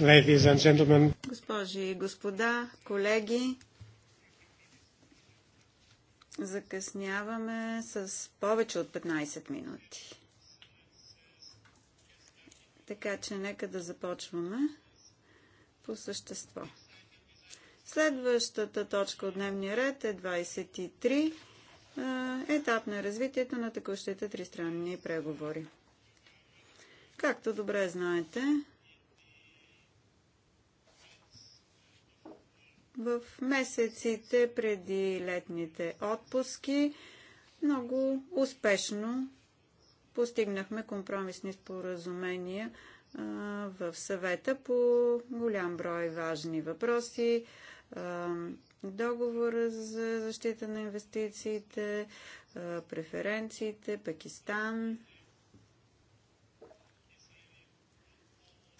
ladies and gentlemen. Госпожи и господа, колеги, закъсняваме с повече от 15 минути. Така че нека да започваме по същество. Следващата точка от дневния ред е 23. Етап на развитието на текущите тристранни преговори. Както добре знаете, в месеците преди летните отпуски много успешно постигнахме компромисни споразумения в съвета по голям брой важни въпроси. договора за защита на инвестициите, преференциите, Пакистан,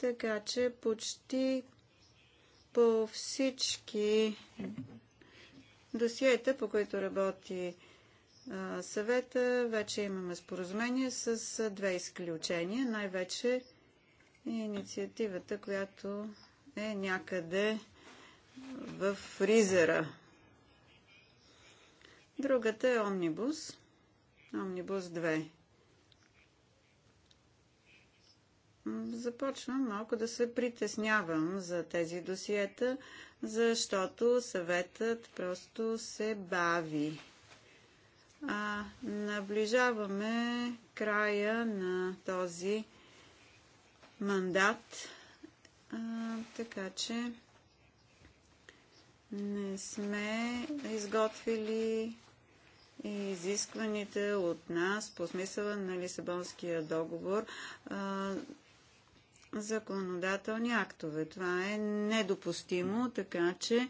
Така че почти по всички досиета, по които работи съвета, вече имаме споразумение с две изключения. Най-вече инициативата, която е някъде в фризера. Другата е Омнибус. Омнибус 2. започвам малко да се притеснявам за тези досиета, защото съветът просто се бави. А, наближаваме края на този мандат, а, така че не сме изготвили и изискваните от нас по смисъла на Лисабонския договор а, законодателни актове. Това е недопустимо, така че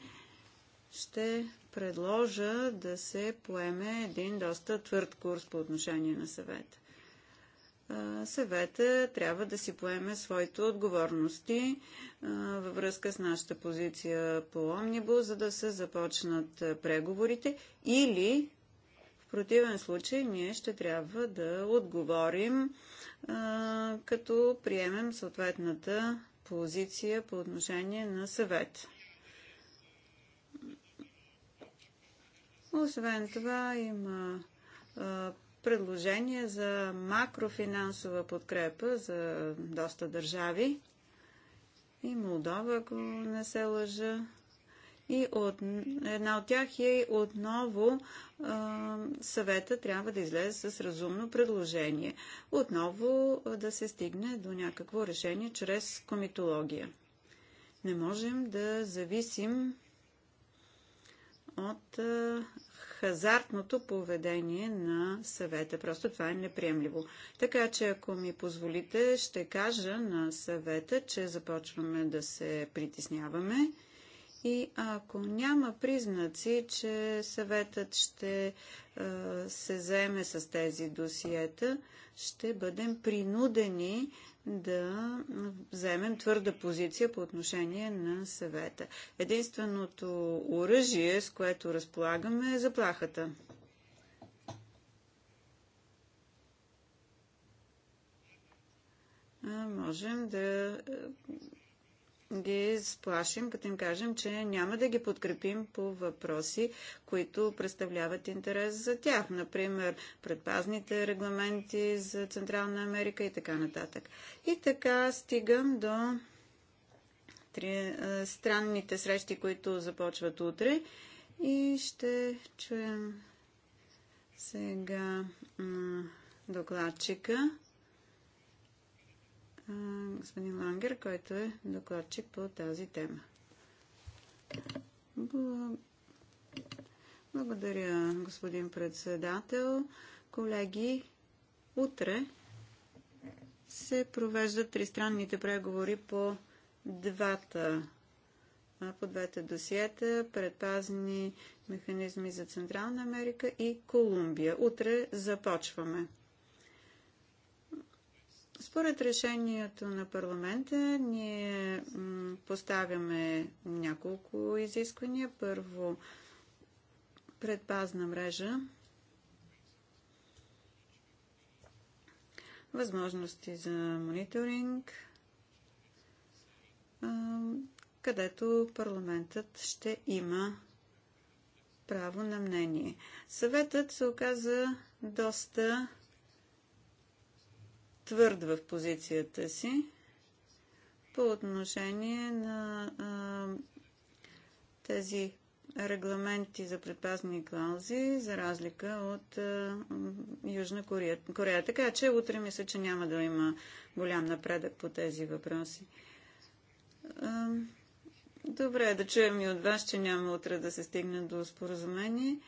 ще предложа да се поеме един доста твърд курс по отношение на съвета. Съвета трябва да си поеме своите отговорности във връзка с нашата позиция по Омнибус, за да се започнат преговорите или противен случай ние ще трябва да отговорим, а, като приемем съответната позиция по отношение на съвет. Освен това има а, предложение за макрофинансова подкрепа за доста държави. И Молдова, ако не се лъжа, и от, една от тях е отново а, съвета трябва да излезе с разумно предложение. Отново да се стигне до някакво решение чрез комитология. Не можем да зависим от а, хазартното поведение на съвета. Просто това е неприемливо. Така че, ако ми позволите, ще кажа на съвета, че започваме да се притесняваме и ако няма признаци, че съветът ще е, се заеме с тези досиета, ще бъдем принудени да вземем твърда позиция по отношение на съвета. Единственото оръжие, с което разполагаме, е заплахата. Можем да е, ги сплашим, като им кажем, че няма да ги подкрепим по въпроси, които представляват интерес за тях. Например, предпазните регламенти за Централна Америка и така нататък. И така стигам до три, е, странните срещи, които започват утре. И ще чуем сега докладчика господин Лангер, който е докладчик по тази тема. Благодаря, господин председател. Колеги, утре се провеждат тристранните преговори по двата по двете досиета, предпазни механизми за Централна Америка и Колумбия. Утре започваме. Според решението на парламента ние поставяме няколко изисквания. Първо, предпазна мрежа, възможности за мониторинг, където парламентът ще има право на мнение. Съветът се оказа доста твърд в позицията си по отношение на а, тези регламенти за предпазни клаузи, за разлика от а, Южна Корея. Корея. Така че утре мисля, че няма да има голям напредък по тези въпроси. А, добре, е да чуем и от вас, че няма утре да се стигне до споразумение,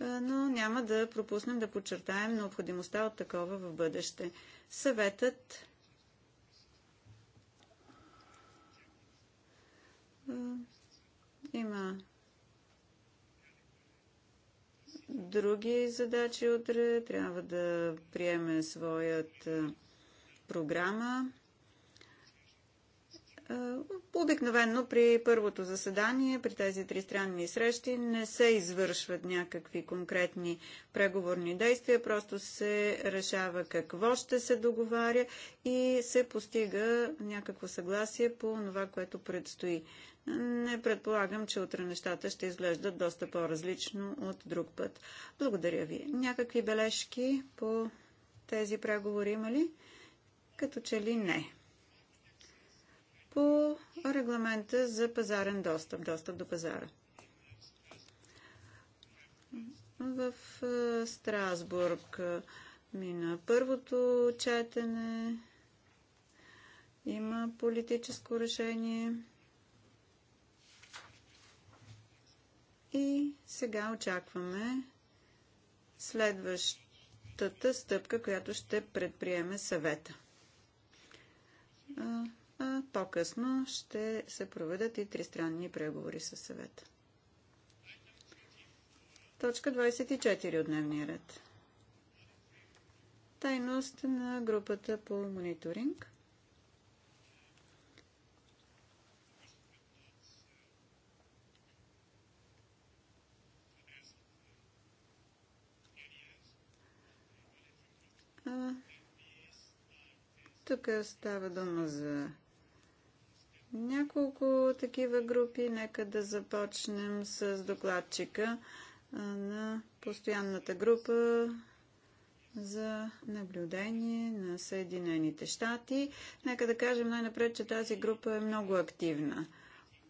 а, но няма да пропуснем да подчертаем необходимостта от такова в бъдеще съветът има други задачи утре. Трябва да приеме своят програма е, обикновенно при първото заседание, при тези тристранни срещи, не се извършват някакви конкретни преговорни действия, просто се решава какво ще се договаря и се постига някакво съгласие по това, което предстои. Не предполагам, че утре нещата ще изглеждат доста по-различно от друг път. Благодаря ви. Някакви бележки по тези преговори има ли? Като че ли не по регламента за пазарен достъп, достъп до пазара. В Страсбург мина първото четене. Има политическо решение. И сега очакваме следващата стъпка, която ще предприеме съвета по-късно ще се проведат и тристранни преговори със съвета. Точка 24 от дневния ред. Тайност на групата по мониторинг. Тук става дума за няколко такива групи. Нека да започнем с докладчика на постоянната група за наблюдение на Съединените щати. Нека да кажем най-напред, че тази група е много активна.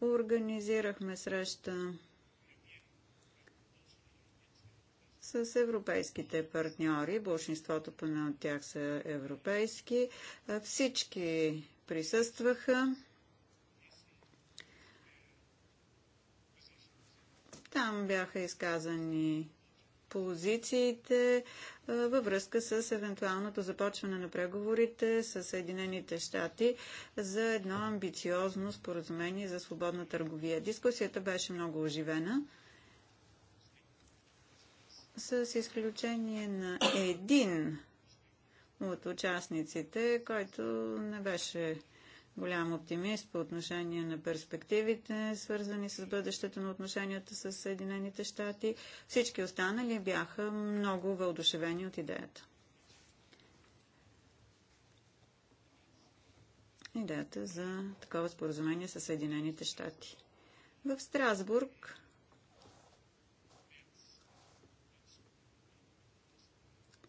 Организирахме среща с европейските партньори. Большинството поне от тях са европейски. Всички присъстваха. Там бяха изказани позициите във връзка с евентуалното започване на преговорите с Съединените щати за едно амбициозно споразумение за свободна търговия. Дискусията беше много оживена. С изключение на един от участниците, който не беше голям оптимист по отношение на перспективите, свързани с бъдещето на отношенията с Съединените щати. Всички останали бяха много вълдушевени от идеята. Идеята за такова споразумение с Съединените щати. В Страсбург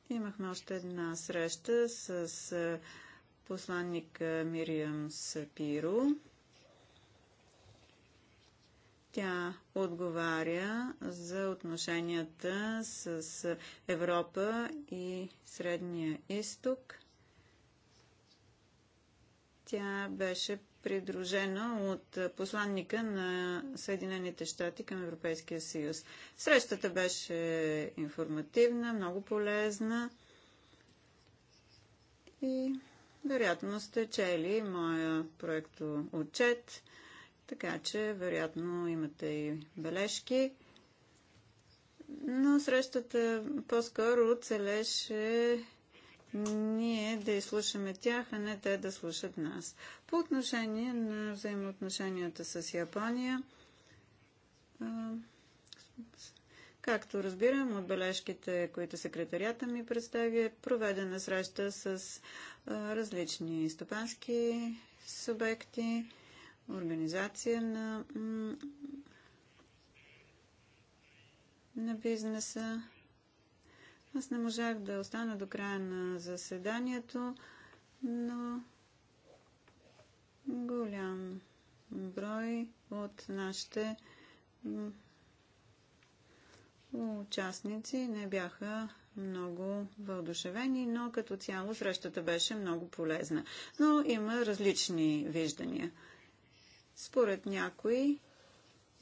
имахме още една среща с посланник Мириам Сапиро. Тя отговаря за отношенията с Европа и Средния изток. Тя беше придружена от посланника на Съединените щати към Европейския съюз. Срещата беше информативна, много полезна и вероятно сте чели моя проекто отчет, така че вероятно имате и бележки. Но срещата по-скоро целеше ние да изслушаме тях, а не те да слушат нас. По отношение на взаимоотношенията с Япония, Както разбирам от бележките, които секретарията ми представи, е проведена среща с различни стопански субекти, организация на, на бизнеса. Аз не можах да остана до края на заседанието, но голям брой от нашите участници не бяха много въодушевени, но като цяло срещата беше много полезна. Но има различни виждания. Според някои,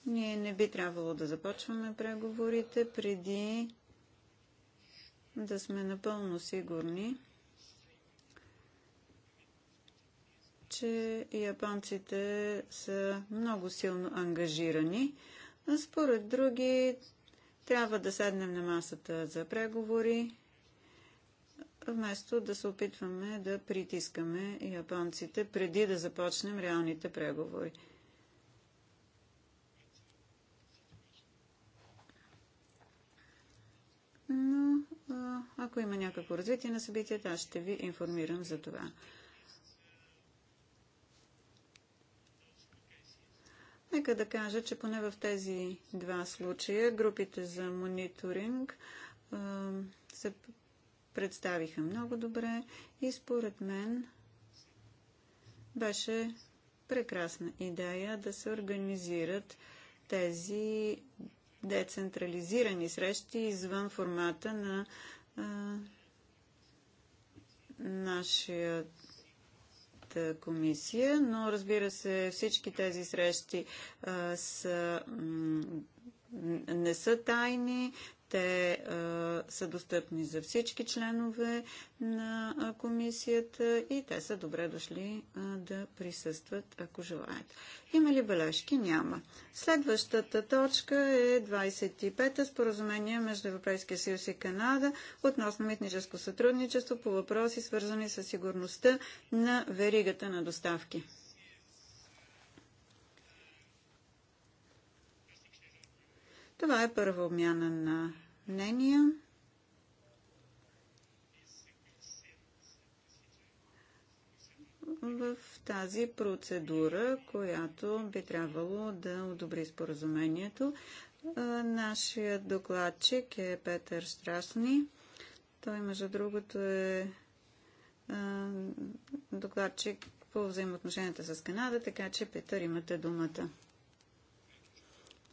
ние не би трябвало да започваме преговорите преди да сме напълно сигурни, че японците са много силно ангажирани, а според други трябва да седнем на масата за преговори, вместо да се опитваме да притискаме японците преди да започнем реалните преговори. но ако има някакво развитие на събитията, аз ще ви информирам за това. Нека да кажа, че поне в тези два случая групите за мониторинг се представиха много добре и според мен беше прекрасна идея да се организират тези децентрализирани срещи извън формата на а, нашия Европейската комисия, но разбира се, всички тези срещи а, са не са тайни, те а, са достъпни за всички членове на комисията и те са добре дошли а, да присъстват, ако желаят. Има ли бележки? Няма. Следващата точка е 25-та споразумение между Европейския съюз и Канада относно митническо сътрудничество по въпроси, свързани с сигурността на веригата на доставки. Това е първа обмяна на мнения. в тази процедура, която би трябвало да одобри споразумението. Нашият докладчик е Петър Страсни. Той, между другото, е докладчик по взаимоотношенията с Канада, така че, Петър, имате думата.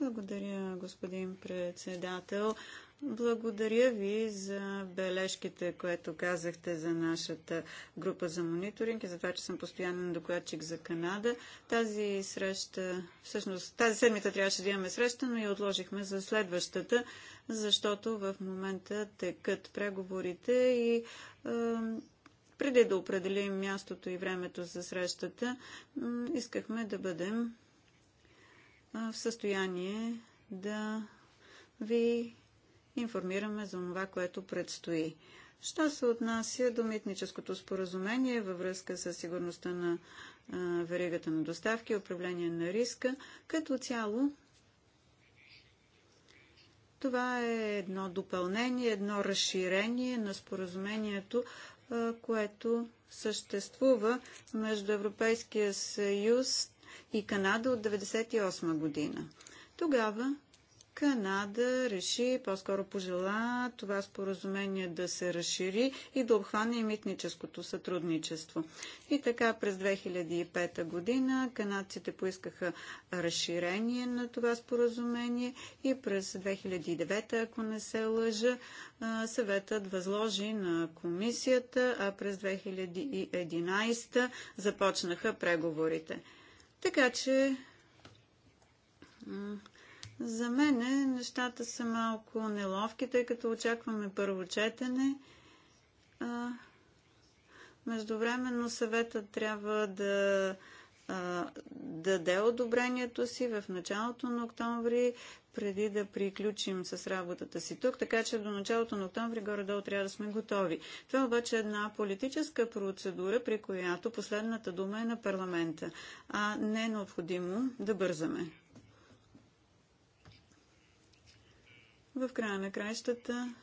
Благодаря, господин председател. Благодаря ви за бележките, което казахте за нашата група за мониторинг и за това, че съм постоянен докладчик за Канада. Тази среща, всъщност тази седмица трябваше да имаме среща, но я отложихме за следващата, защото в момента текат преговорите и е, преди да определим мястото и времето за срещата, искахме да бъдем в състояние да ви информираме за това, което предстои. Що се отнася до митническото споразумение във връзка с сигурността на веригата на доставки и управление на риска, като цяло това е едно допълнение, едно разширение на споразумението, което съществува между Европейския съюз и Канада от 1998 година. Тогава Канада реши, по-скоро пожела това споразумение да се разшири и да обхване и митническото сътрудничество. И така през 2005 година канадците поискаха разширение на това споразумение и през 2009, ако не се лъжа, съветът възложи на комисията, а през 2011 започнаха преговорите. Така че за мен нещата са малко неловки, тъй като очакваме първо четене. Междувременно съветът трябва да даде одобрението си в началото на октомври, преди да приключим с работата си тук, така че до началото на октомври горе-долу трябва да сме готови. Това обаче е една политическа процедура, при която последната дума е на парламента, а не е необходимо да бързаме. В края на краищата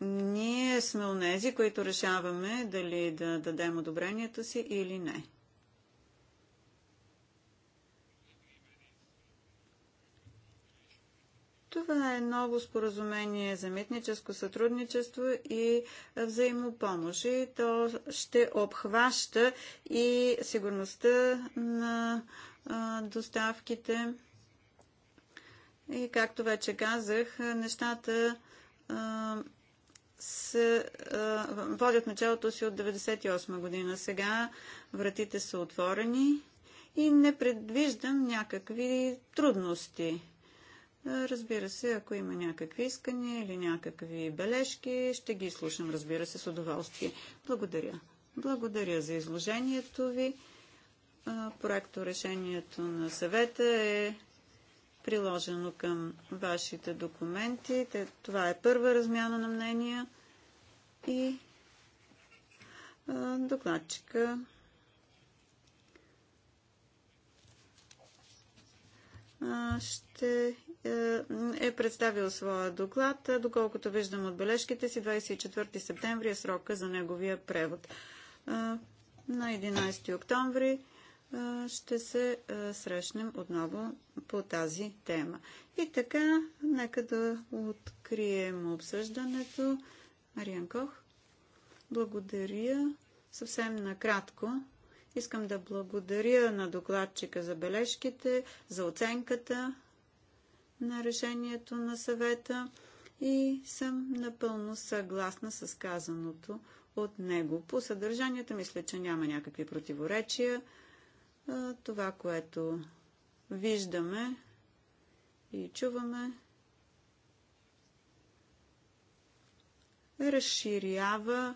ние сме онези, които решаваме дали да дадем одобрението си или не. Това е ново споразумение за митническо сътрудничество и взаимопомощ. И то ще обхваща и сигурността на доставките. И както вече казах, нещата се, водят началото си от 1998 година. Сега вратите са отворени и не предвиждам някакви трудности Разбира се, ако има някакви искания или някакви бележки, ще ги слушам, разбира се, с удоволствие. Благодаря. Благодаря за изложението ви. Проекто решението на съвета е приложено към вашите документи. Това е първа размяна на мнения и докладчика ще е представил своя доклад. Доколкото виждам от бележките си, 24 септември е срока за неговия превод. На 11 октомври ще се срещнем отново по тази тема. И така, нека да открием обсъждането. Мариан Кох, благодаря. Съвсем накратко искам да благодаря на докладчика за бележките, за оценката на решението на съвета и съм напълно съгласна с казаното от него. По съдържанията мисля, че няма някакви противоречия. Това, което виждаме и чуваме, разширява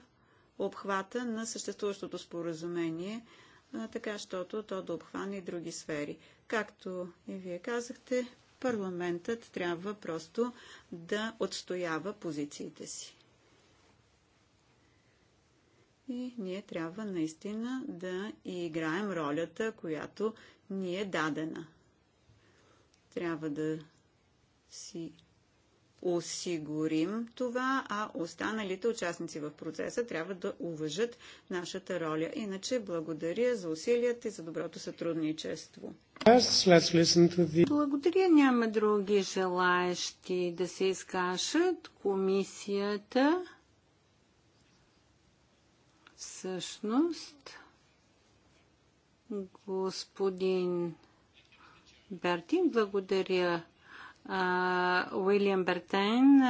обхвата на съществуващото споразумение, така, щото то да обхване и други сфери. Както и вие казахте, парламентът трябва просто да отстоява позициите си. И ние трябва наистина да играем ролята, която ни е дадена. Трябва да си осигурим това, а останалите участници в процеса трябва да уважат нашата роля. Иначе благодаря за усилията и за доброто сътрудничество. Благодаря. Няма други желаещи да се изкашат. Комисията всъщност господин Бертин, благодаря Уилиям Бертен.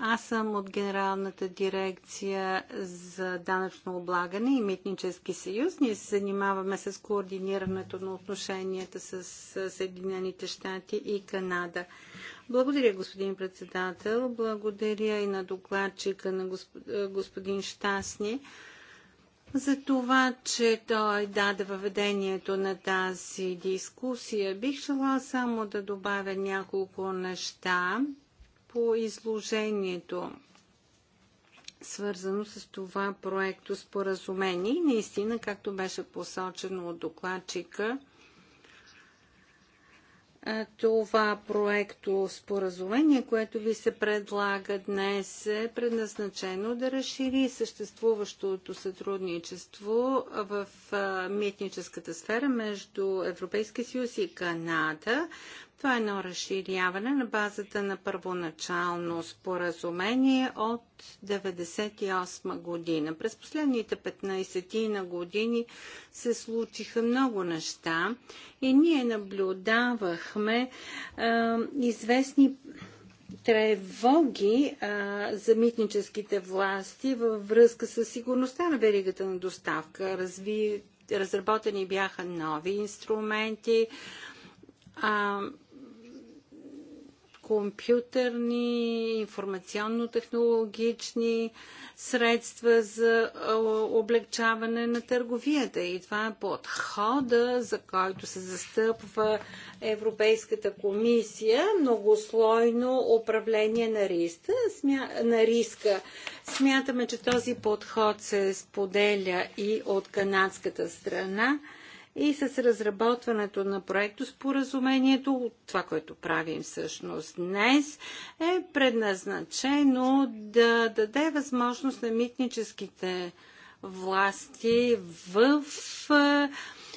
Аз съм от Генералната дирекция за данъчно облагане и митнически съюз. Ние се занимаваме с координирането на отношенията с Съединените щати и Канада. Благодаря, господин председател. Благодаря и на докладчика на господин Штасни за това, че той даде въведението на тази дискусия. Бих желала само да добавя няколко неща по изложението, свързано с това проекто споразумение. И наистина, както беше посочено от докладчика, това проекто споразумение, което ви се предлага днес, е предназначено да разшири съществуващото сътрудничество в митническата сфера между Европейския съюз и Канада, това е едно разширяване на базата на първоначално споразумение от 1998 година. През последните 15 на години се случиха много неща и ние наблюдавахме е, известни тревоги а, е, за митническите власти във връзка с сигурността на веригата на доставка. Разви, разработени бяха нови инструменти. А, компютърни, информационно-технологични средства за облегчаване на търговията. И това е подхода, за който се застъпва Европейската комисия, многослойно управление на риска. Смя... На риска. Смятаме, че този подход се споделя и от канадската страна и с разработването на проекто споразумението, това, което правим всъщност днес, е предназначено да даде възможност на митническите власти в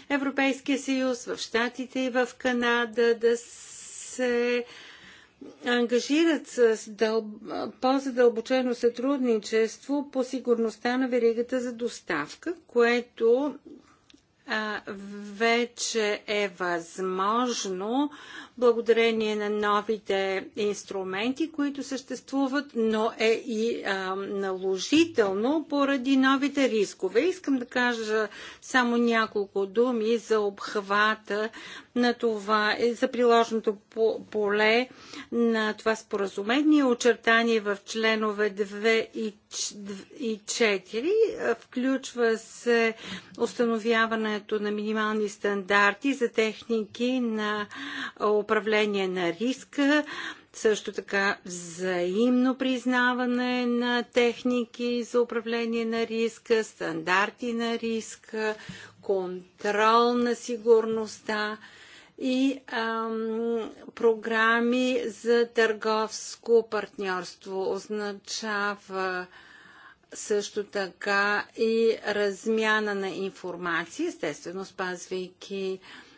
е, Европейския съюз, в Штатите и в Канада да се ангажират с дъл... по-задълбочено сътрудничество по сигурността на веригата за доставка, което вече е възможно благодарение на новите инструменти, които съществуват, но е и а, наложително поради новите рискове. Искам да кажа само няколко думи за обхвата на това, е, за приложното поле на това споразумение, очертание в членове 2 и 4. Включва се установяването на минимални стандарти за техники на управление управление на риска, също така взаимно признаване на техники за управление на риска, стандарти на риска, контрол на сигурността и ам, програми за търговско партньорство. Означава също така и размяна на информация, естествено спазвайки ам,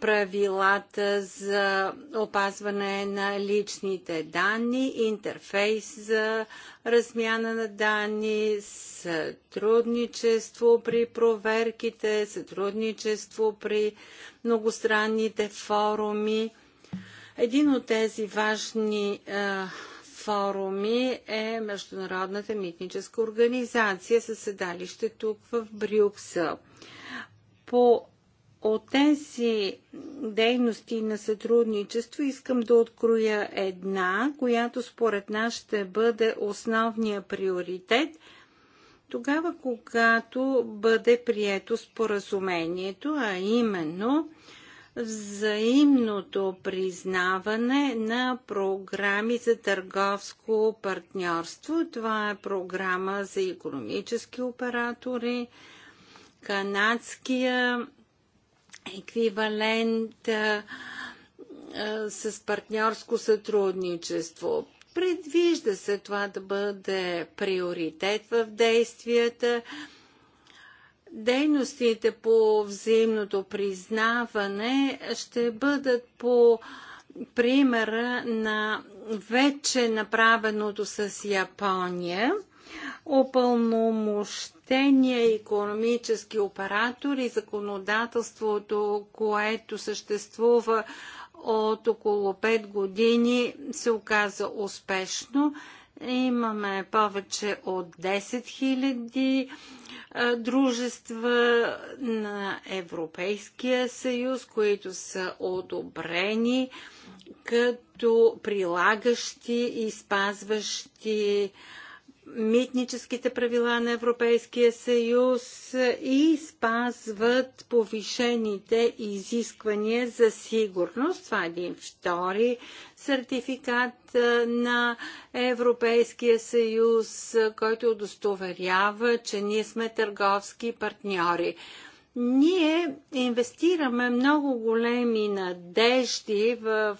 правилата за опазване на личните данни, интерфейс за размяна на данни, сътрудничество при проверките, сътрудничество при многостранните форуми. Един от тези важни е, форуми е Международната митническа организация със седалище тук в Брюксел. По от тези дейности на сътрудничество искам да откроя една, която според нас ще бъде основния приоритет тогава, когато бъде прието споразумението, а именно взаимното признаване на програми за търговско партньорство. Това е програма за економически оператори, канадския еквивалент а, а, с партньорско сътрудничество. Предвижда се това да бъде приоритет в действията. Дейностите по взаимното признаване ще бъдат по примера на вече направеното с Япония. Опълномощ платения економически оператор и законодателството, което съществува от около 5 години, се оказа успешно. Имаме повече от 10 000 дружества на Европейския съюз, които са одобрени като прилагащи и спазващи митническите правила на Европейския съюз и спазват повишените изисквания за сигурност. Това е един втори сертификат на Европейския съюз, който удостоверява, че ние сме търговски партньори. Ние инвестираме много големи надежди в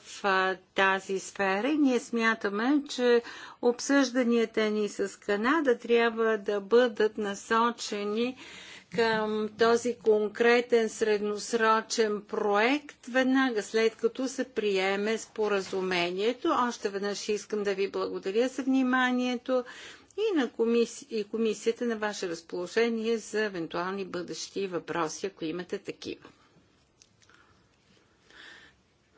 тази сфера. и Ние смятаме, че обсъжданията ни с Канада трябва да бъдат насочени към този конкретен средносрочен проект, веднага след като се приеме споразумението. Още веднъж искам да ви благодаря за вниманието и, на и комисията на ваше разположение за евентуални бъдещи въпроси, ако имате такива.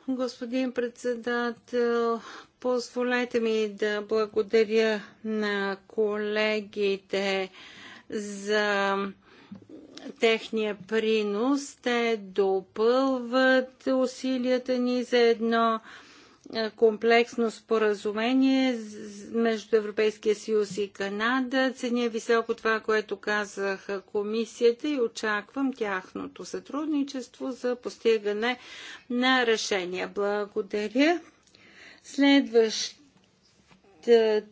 Господин председател, позволете ми да благодаря на колегите за техния принос. Те допълват усилията ни за едно е, комплексно споразумение между Европейския съюз и Канада. Ценя е високо това, което казах комисията и очаквам тяхното сътрудничество за постигане на решения. Благодаря. Следващата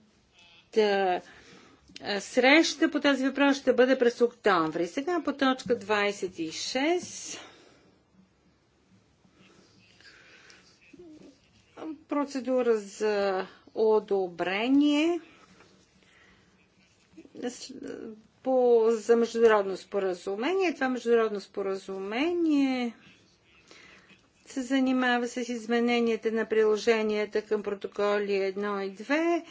среща по тази въпрос ще бъде през октомври. Сега по точка 26. процедура за одобрение по, за международно споразумение. Това международно споразумение се занимава с измененията на приложенията към протоколи 1 и 2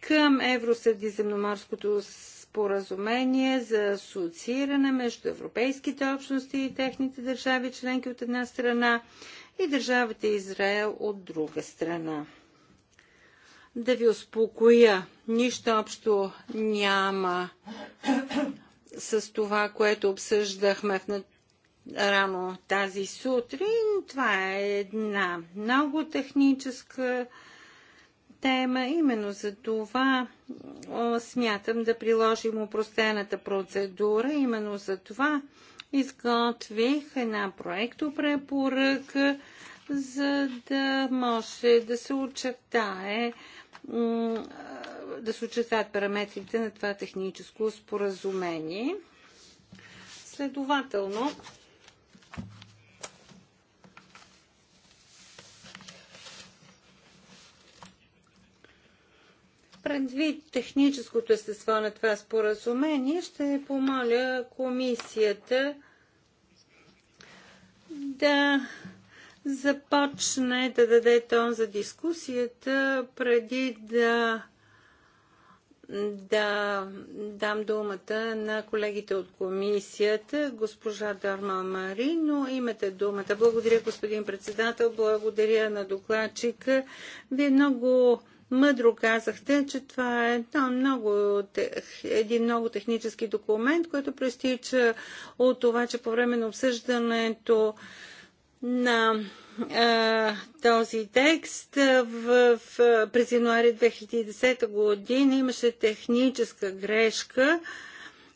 към Евросредиземноморското споразумение за асоцииране между европейските общности и техните държави членки от една страна и държавата Израел от друга страна. Да ви успокоя, нищо общо няма с това, което обсъждахме в рано тази сутрин. Това е една много техническа тема. Именно за това смятам да приложим упростената процедура. Именно за това изготвих една проектопрепоръка, за да може да се очертае да се очертаят параметрите на това техническо споразумение. Следователно, Предвид техническото естество на това споразумение, ще помоля комисията да започне да даде тон за дискусията преди да да дам думата на колегите от комисията, госпожа Дарма Марино. Имате думата. Благодаря, господин председател. Благодаря на докладчика. Вие много Мъдро казахте, че това е да, много, един много технически документ, който проистича от това, че по време на обсъждането на а, този текст в, в, през януари 2010 година имаше техническа грешка,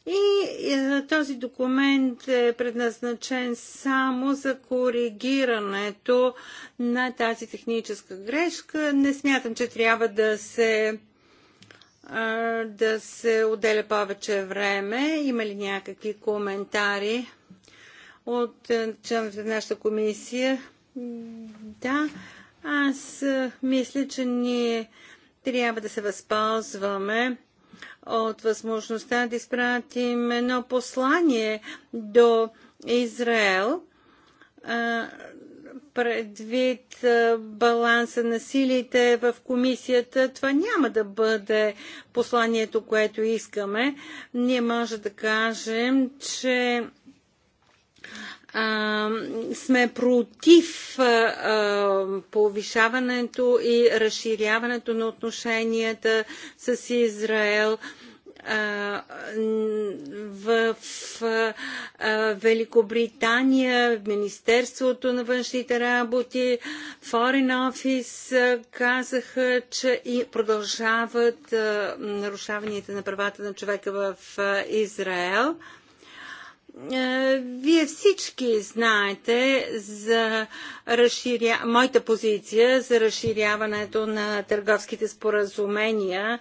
и е, този документ е предназначен само за коригирането на тази техническа грешка. Не смятам, че трябва да се да се отделя повече време. Има ли някакви коментари от е, членовете на нашата комисия? Да, аз е, мисля, че ние трябва да се възползваме от възможността да изпратим едно послание до Израел предвид баланса на силите в комисията, това няма да бъде посланието, което искаме. Ние може да кажем, че а, сме против а, повишаването и разширяването на отношенията с Израел. в Великобритания, в Министерството на външните работи, Foreign Office казаха, че и продължават нарушаванията на правата на човека в Израел. Е, вие всички знаете за разширя... моята позиция за разширяването на търговските споразумения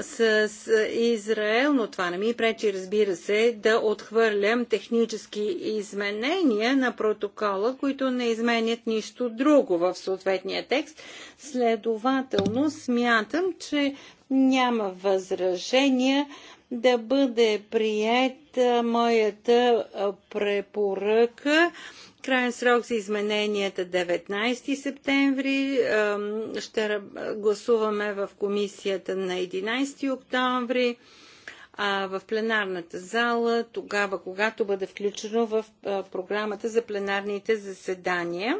с Израел, но това не ми пречи, разбира се, да отхвърлям технически изменения на протокола, които не изменят нищо друго в съответния текст. Следователно, смятам, че няма възражения да бъде прият моята препоръка. Крайен срок за измененията 19 септември. Ще гласуваме в комисията на 11 октомври а в пленарната зала, тогава, когато бъде включено в програмата за пленарните заседания.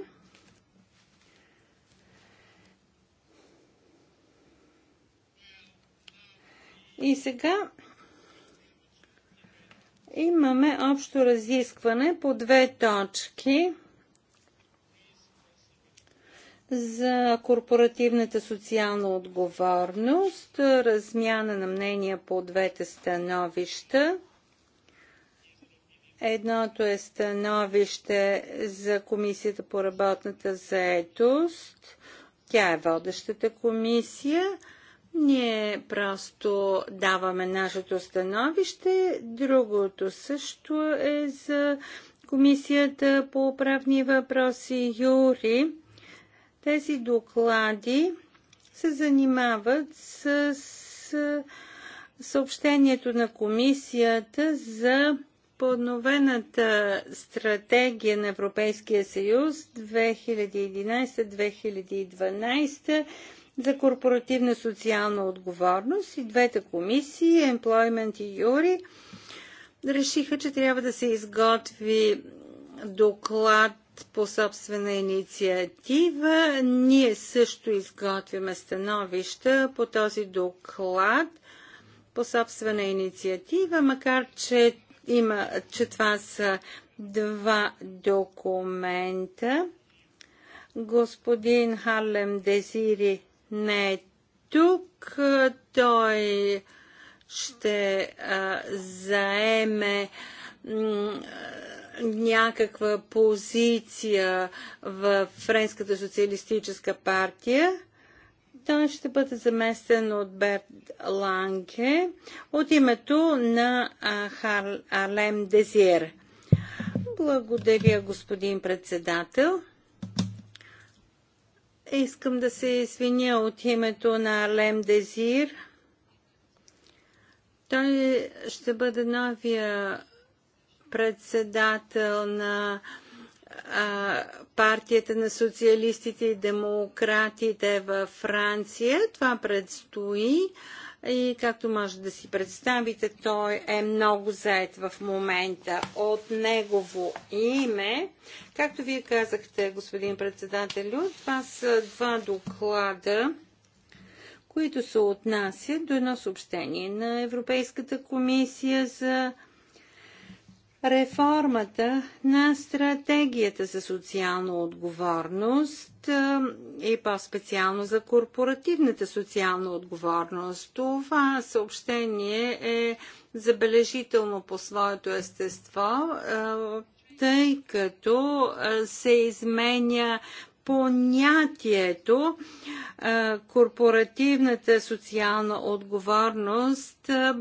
И сега Имаме общо разискване по две точки за корпоративната социална отговорност, размяна на мнения по двете становища. Едното е становище за Комисията по работната заетост. Тя е водещата комисия. Ние просто даваме нашето становище. Другото също е за Комисията по правни въпроси Юри. Тези доклади се занимават с съобщението на комисията за подновената стратегия на Европейския съюз 2011-2012 за корпоративна социална отговорност и двете комисии, Employment и Юри, решиха, че трябва да се изготви доклад по собствена инициатива. Ние също изготвяме становища по този доклад по собствена инициатива, макар че, има, че това са два документа. Господин Харлем Дезири не е тук. Той ще а, заеме някаква позиция в Френската социалистическа партия. Той ще бъде заместен от Берт Ланке от името на Харлем Дезир. Благодаря, господин председател. Искам да се извиня от името на Лем Дезир. Той ще бъде новия председател на а, партията на социалистите и демократите във Франция. Това предстои. А, и както може да си представите, той е много заед в момента от негово име. Както вие казахте, господин председателю, това са два доклада, които се отнасят до едно съобщение на Европейската комисия за реформата на стратегията за социална отговорност е, и по-специално за корпоративната социална отговорност. Това съобщение е забележително по своето естество е, тъй като е, се изменя понятието е, корпоративната социална отговорност е,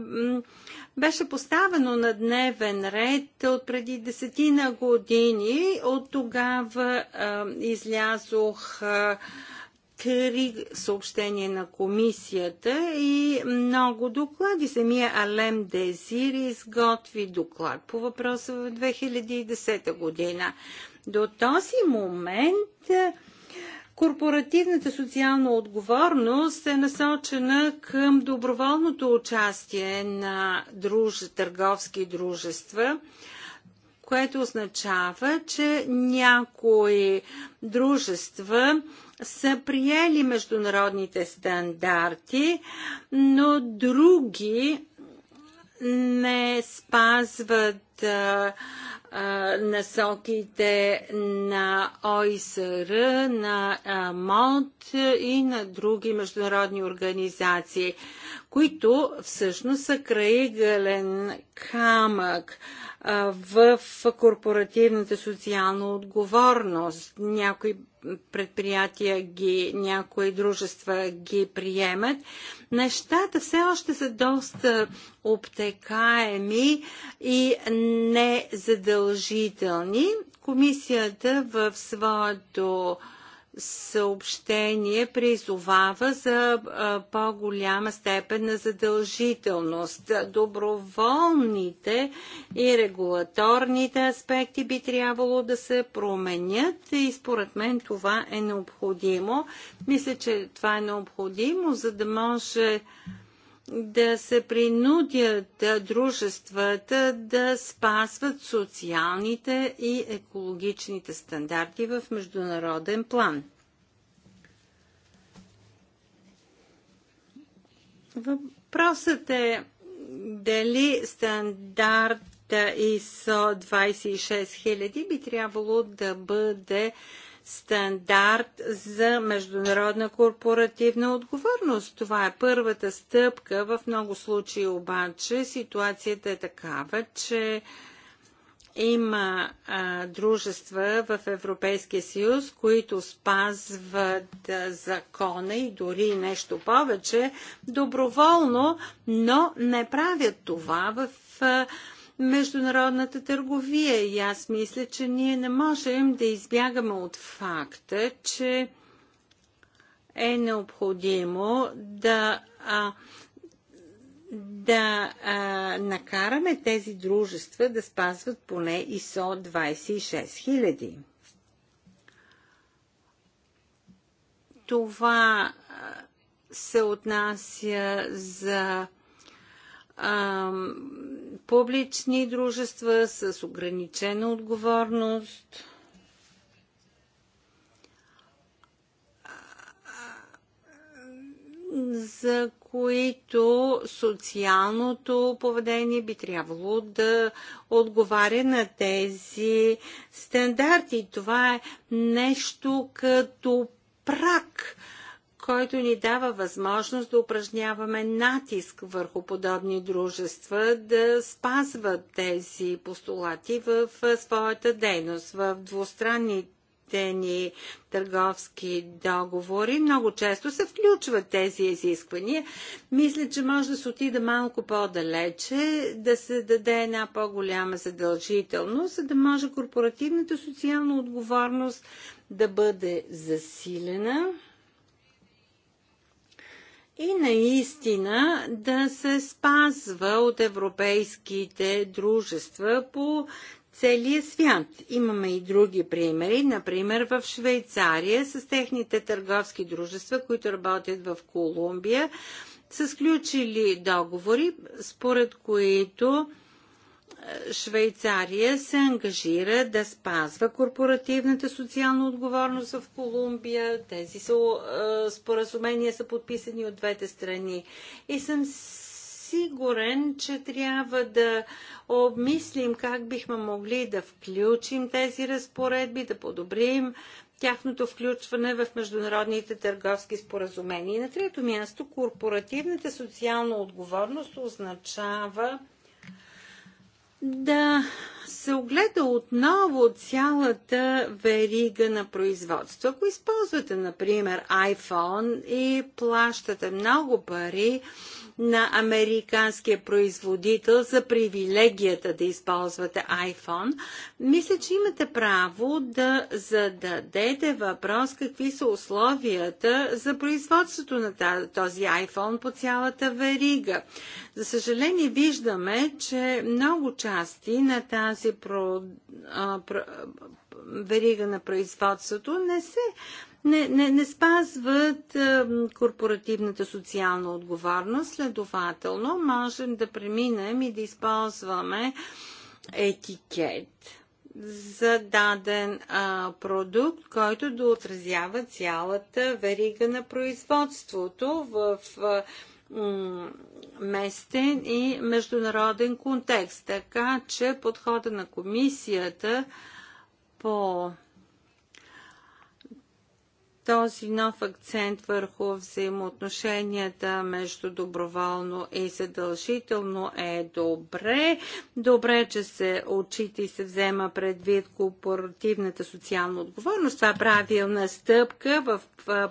беше поставено на дневен ред от преди десетина години. От тогава е, излязох три съобщения на комисията и много доклади. Самия Алем Дезир изготви доклад по въпроса в 2010 година. До този момент е, корпоративната социална отговорност е насочена към доброволното участие на друж... търговски дружества, което означава, че някои дружества са приели международните стандарти, но други не спазват е, насоките на ОИСР, на МОД и на други международни организации, които всъщност са крайъгълен камък в корпоративната социална отговорност. Някои предприятия ги, някои дружества ги приемат. Нещата все още са доста обтекаеми и незадължителни. Комисията в своето съобщение призовава за по-голяма степен на задължителност. Доброволните и регулаторните аспекти би трябвало да се променят и според мен това е необходимо. Мисля, че това е необходимо, за да може да се принудят дружествата да спазват социалните и екологичните стандарти в международен план. Въпросът е дали стандарта ISO 26000 би трябвало да бъде стандарт за международна корпоративна отговорност. Това е първата стъпка. В много случаи обаче ситуацията е такава, че има а, дружества в Европейския съюз, които спазват а, закона и дори нещо повече доброволно, но не правят това в а, международната търговия. И аз мисля, че ние не можем да избягаме от факта, че е необходимо да, а, да а, накараме тези дружества да спазват поне 26 26000. Това се отнася за публични дружества с ограничена отговорност. за които социалното поведение би трябвало да отговаря на тези стандарти. Това е нещо като прак който ни дава възможност да упражняваме натиск върху подобни дружества да спазват тези постулати в своята дейност. В двустранните ни търговски договори много често се включват тези изисквания. Мисля, че може да се отида малко по-далече, да се даде една по-голяма задължителност, за да може корпоративната социална отговорност да бъде засилена и наистина да се спазва от европейските дружества по целия свят. Имаме и други примери, например в Швейцария с техните търговски дружества, които работят в Колумбия, са сключили договори, според които Швейцария се ангажира да спазва корпоративната социална отговорност в Колумбия. Тези са, е, споразумения са подписани от двете страни. И съм сигурен, че трябва да обмислим как бихме могли да включим тези разпоредби, да подобрим тяхното включване в международните търговски споразумения. И на трето място, корпоративната социална отговорност означава да се огледа отново цялата верига на производство. Ако използвате, например, iPhone и плащате много пари на американския производител за привилегията да използвате iPhone. Мисля, че имате право да зададете въпрос какви са условията за производството на този iPhone по цялата верига. За съжаление виждаме, че много части на тази про, верига на производството не се не, не, не спазват а, корпоративната социална отговорност. Следователно, можем да преминем и да използваме етикет за даден а, продукт, който да отразява цялата верига на производството в а, местен и международен контекст. Така че подхода на комисията по този нов акцент върху взаимоотношенията между доброволно и задължително е добре. Добре, че се отчита и се взема предвид корпоративната социална отговорност. Това е правилна стъпка в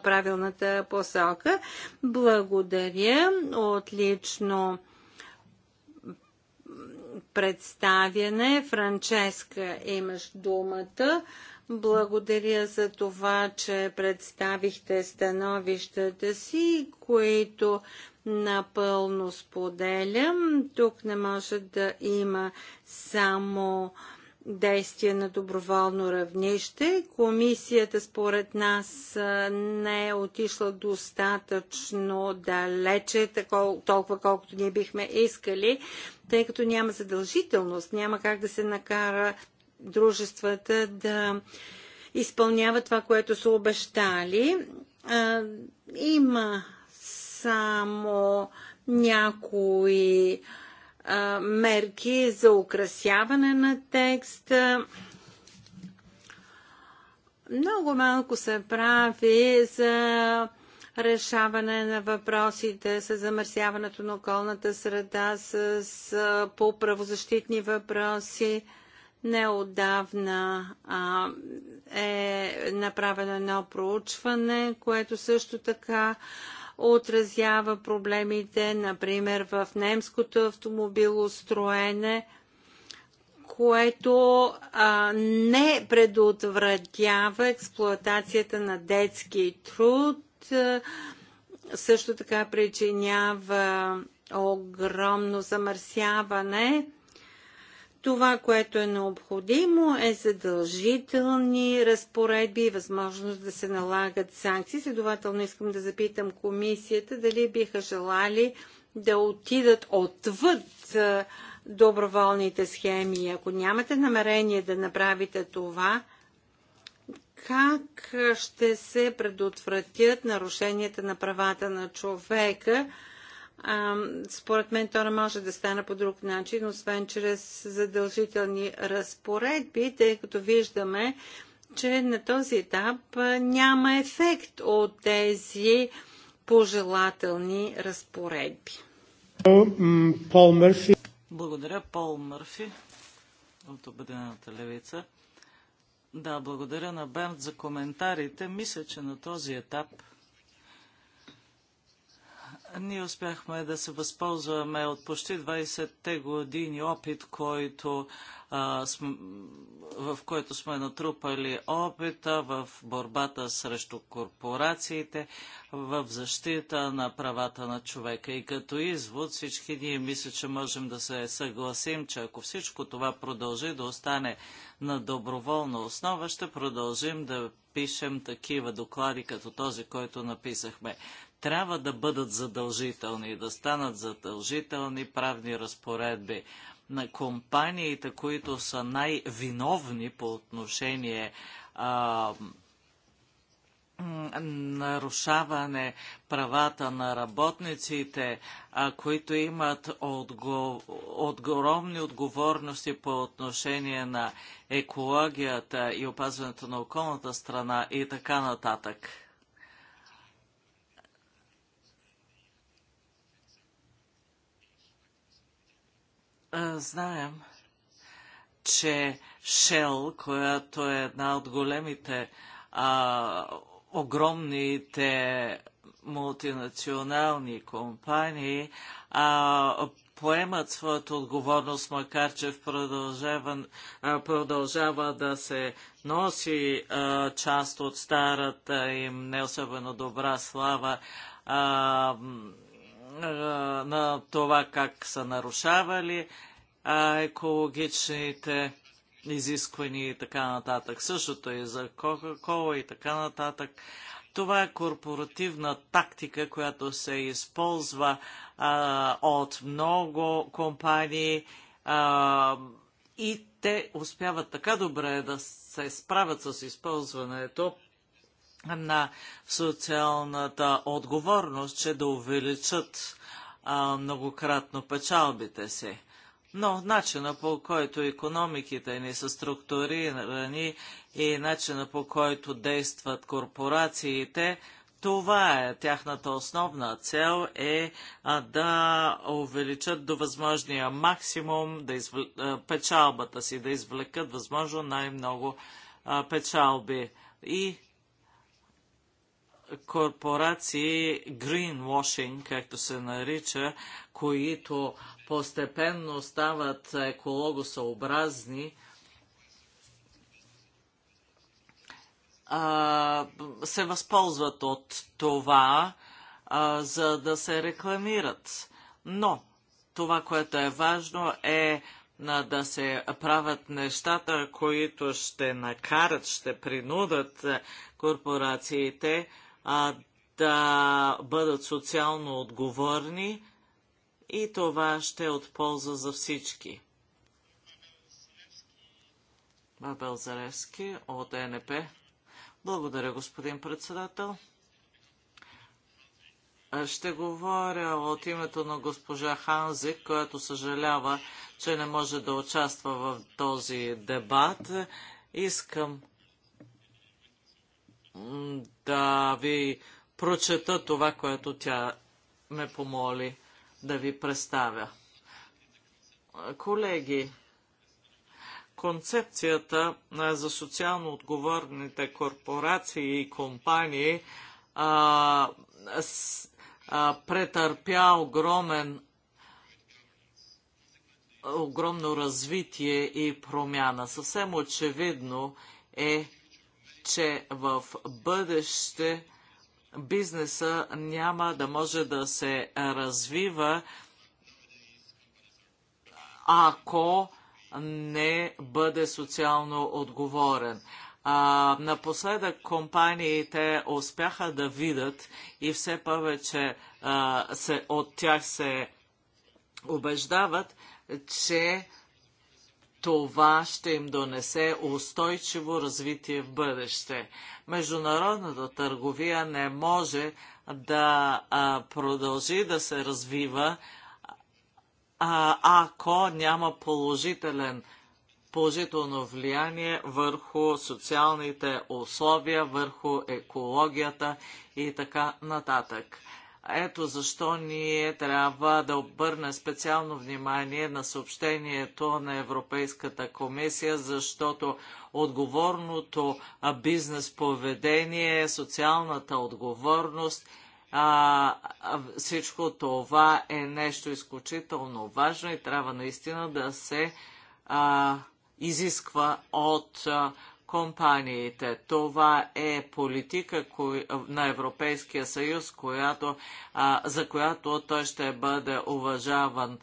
правилната посока. Благодаря. Отлично представяне. Франческа, имаш думата. Благодаря за това, че представихте становищата си, които напълно споделям. Тук не може да има само действие на доброволно равнище. Комисията според нас не е отишла достатъчно далече, толкова колкото ние бихме искали, тъй като няма задължителност, няма как да се накара дружествата да изпълняват това, което са обещали. Има само някои мерки за украсяване на текста. Много малко се прави за решаване на въпросите с замърсяването на околната среда, с, с по правозащитни въпроси. Неодавна а, е направено едно проучване, което също така отразява проблемите, например, в немското автомобилостроене, което а, не предотвратява експлоатацията на детски труд, а, също така причинява огромно замърсяване. Това, което е необходимо е задължителни разпоредби и възможност да се налагат санкции. Следователно искам да запитам комисията дали биха желали да отидат отвъд доброволните схеми. Ако нямате намерение да направите това, как ще се предотвратят нарушенията на правата на човека? според мен то не може да стане по друг начин, освен чрез задължителни разпоредби, тъй като виждаме, че на този етап няма ефект от тези пожелателни разпоредби. Пол Мърфи. Благодаря, Пол Мърфи от Обединената левица. Да, благодаря на Бернт за коментарите. Мисля, че на този етап – ние успяхме да се възползваме от почти 20-те години опит, който, а, см, в който сме натрупали опита в борбата срещу корпорациите, в защита на правата на човека. И като извод всички ние мисля, че можем да се съгласим, че ако всичко това продължи да остане на доброволна основа, ще продължим да пишем такива доклади, като този, който написахме трябва да бъдат задължителни, да станат задължителни правни разпоредби на компаниите, които са най-виновни по отношение а, нарушаване правата на работниците, а, които имат отго... огромни отговорности по отношение на екологията и опазването на околната страна и така нататък. знаем, че Shell, която е една от големите, а, огромните мултинационални компании, а, поемат своята отговорност, макар че продължава, продължава да се носи а, част от старата им не особено добра слава а, на това как са нарушавали екологичните изисквания и така нататък. Същото е и за Кока-Кола и така нататък. Това е корпоративна тактика, която се използва а, от много компании а, и те успяват така добре да се справят с използването на социалната отговорност, че да увеличат а, многократно печалбите си. Но начина по който економиките ни са структурирани и начина по който действат корпорациите, това е тяхната основна цел е а, да увеличат до възможния максимум да изв... печалбата си, да извлекат възможно най-много печалби. И корпорации, greenwashing, както се нарича, които постепенно стават екологосъобразни, се възползват от това, за да се рекламират. Но това, което е важно, е да се правят нещата, които ще накарат, ще принудат корпорациите а, да бъдат социално отговорни и това ще е от полза за всички. Бабел Заревски от ЕНП. Благодаря, господин председател. Ще говоря от името на госпожа Ханзик, която съжалява, че не може да участва в този дебат. Искам да ви прочета това, което тя ме помоли да ви представя. Колеги, концепцията за социално отговорните корпорации и компании а, с, а, претърпя огромен огромно развитие и промяна. Съвсем очевидно е, че в бъдеще бизнеса няма да може да се развива, ако не бъде социално отговорен. А, напоследък компаниите успяха да видят и все повече а, се, от тях се убеждават, че това ще им донесе устойчиво развитие в бъдеще. Международната търговия не може да продължи да се развива, ако няма положителен положително влияние върху социалните условия, върху екологията и така нататък. Ето защо ние трябва да обърнем специално внимание на съобщението на Европейската комисия, защото отговорното бизнес поведение, социалната отговорност – а, всичко това е нещо изключително важно и трябва наистина да се а, изисква от а, компаниите. Това е политика кои, на Европейския съюз, която, а, за която той ще бъде уважаван.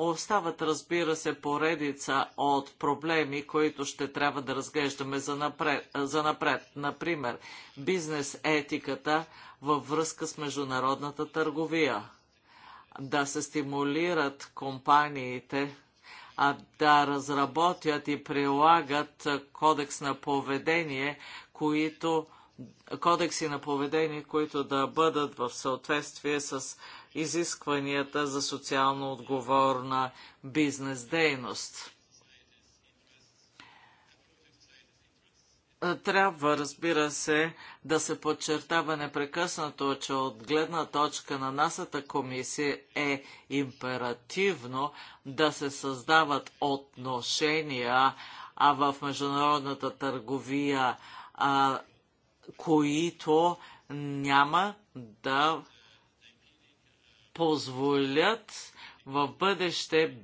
Остават, разбира се, поредица от проблеми, които ще трябва да разглеждаме за напред. За напред. Например, бизнес етиката във връзка с международната търговия да се стимулират компаниите а да разработят и прилагат кодекс на поведение, които, кодекси на поведение, които да бъдат в съответствие с изискванията за социално отговорна бизнес дейност. Е, трябва, разбира се, да се подчертава непрекъснато, че от гледна точка на нашата комисия е императивно да се създават отношения а в международната търговия, а, които няма да позволят в бъдеще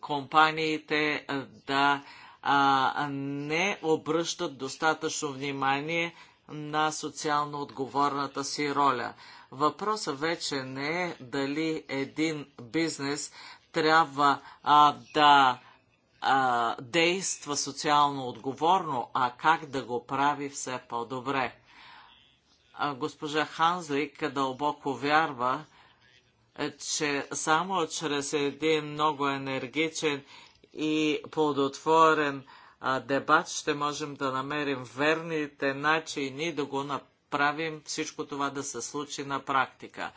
компаниите е, да а, не обръщат достатъчно внимание на социално отговорната си роля. Въпросът вече не е дали един бизнес трябва а, да а, действа социално отговорно, а как да го прави все по-добре. госпожа Ханзлик дълбоко вярва, е, че само чрез един много енергичен и плодотворен а, дебат ще можем да намерим верните начини да го направим всичко това да се случи на практика.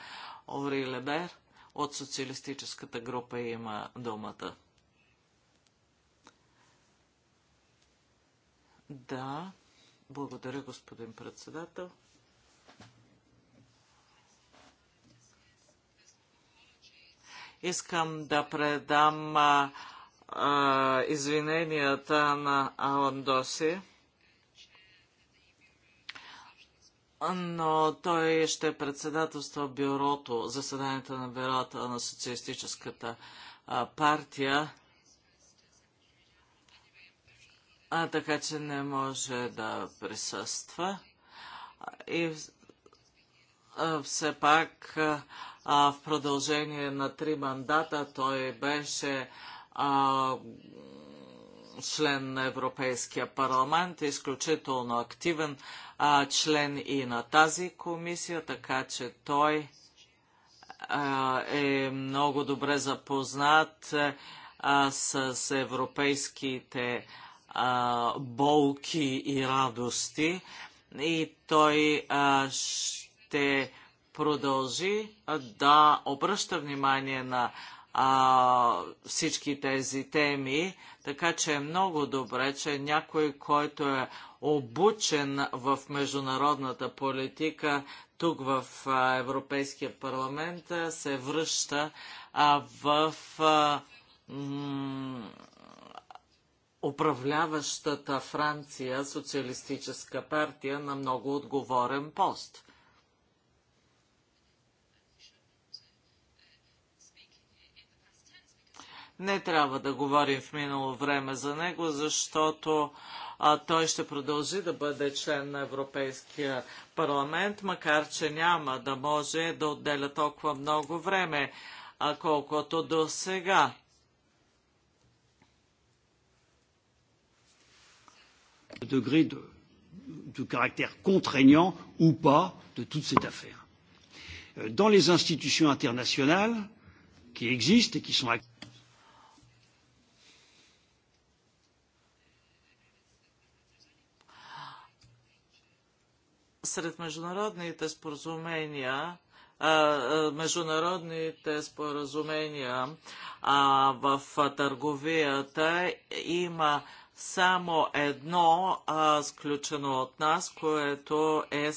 Ори Лебер от социалистическата група има думата. Да, благодаря, господин председател. Искам да предам а, а, извиненията на Алан Доси, но той ще председателства бюрото, заседанието на бюрото на Социалистическата а, партия, а, така че не може да присъства. И все пак а, в продължение на три мандата той беше а, член на Европейския парламент, е изключително активен а, член и на тази комисия, така че той а, е много добре запознат а, с европейските а, болки и радости и той а, ще продължи да обръща внимание на а, всички тези теми, така че е много добре, че някой, който е обучен в международната политика, тук в Европейския парламент се връща а, в а, управляващата Франция социалистическа партия на много отговорен пост. Не трябва да говорим в минало време за него, защото а, той ще продължи да бъде член на Европейския парламент, макар че няма да може да отделя толкова много време, а колкото до сега. degré de, de caractère contraignant ou pas de toute cette affaire. Euh, dans les institutions internationales qui existent et qui sont actives, сред международните споразумения, международните споразумения а в търговията има само едно сключено от нас, което е,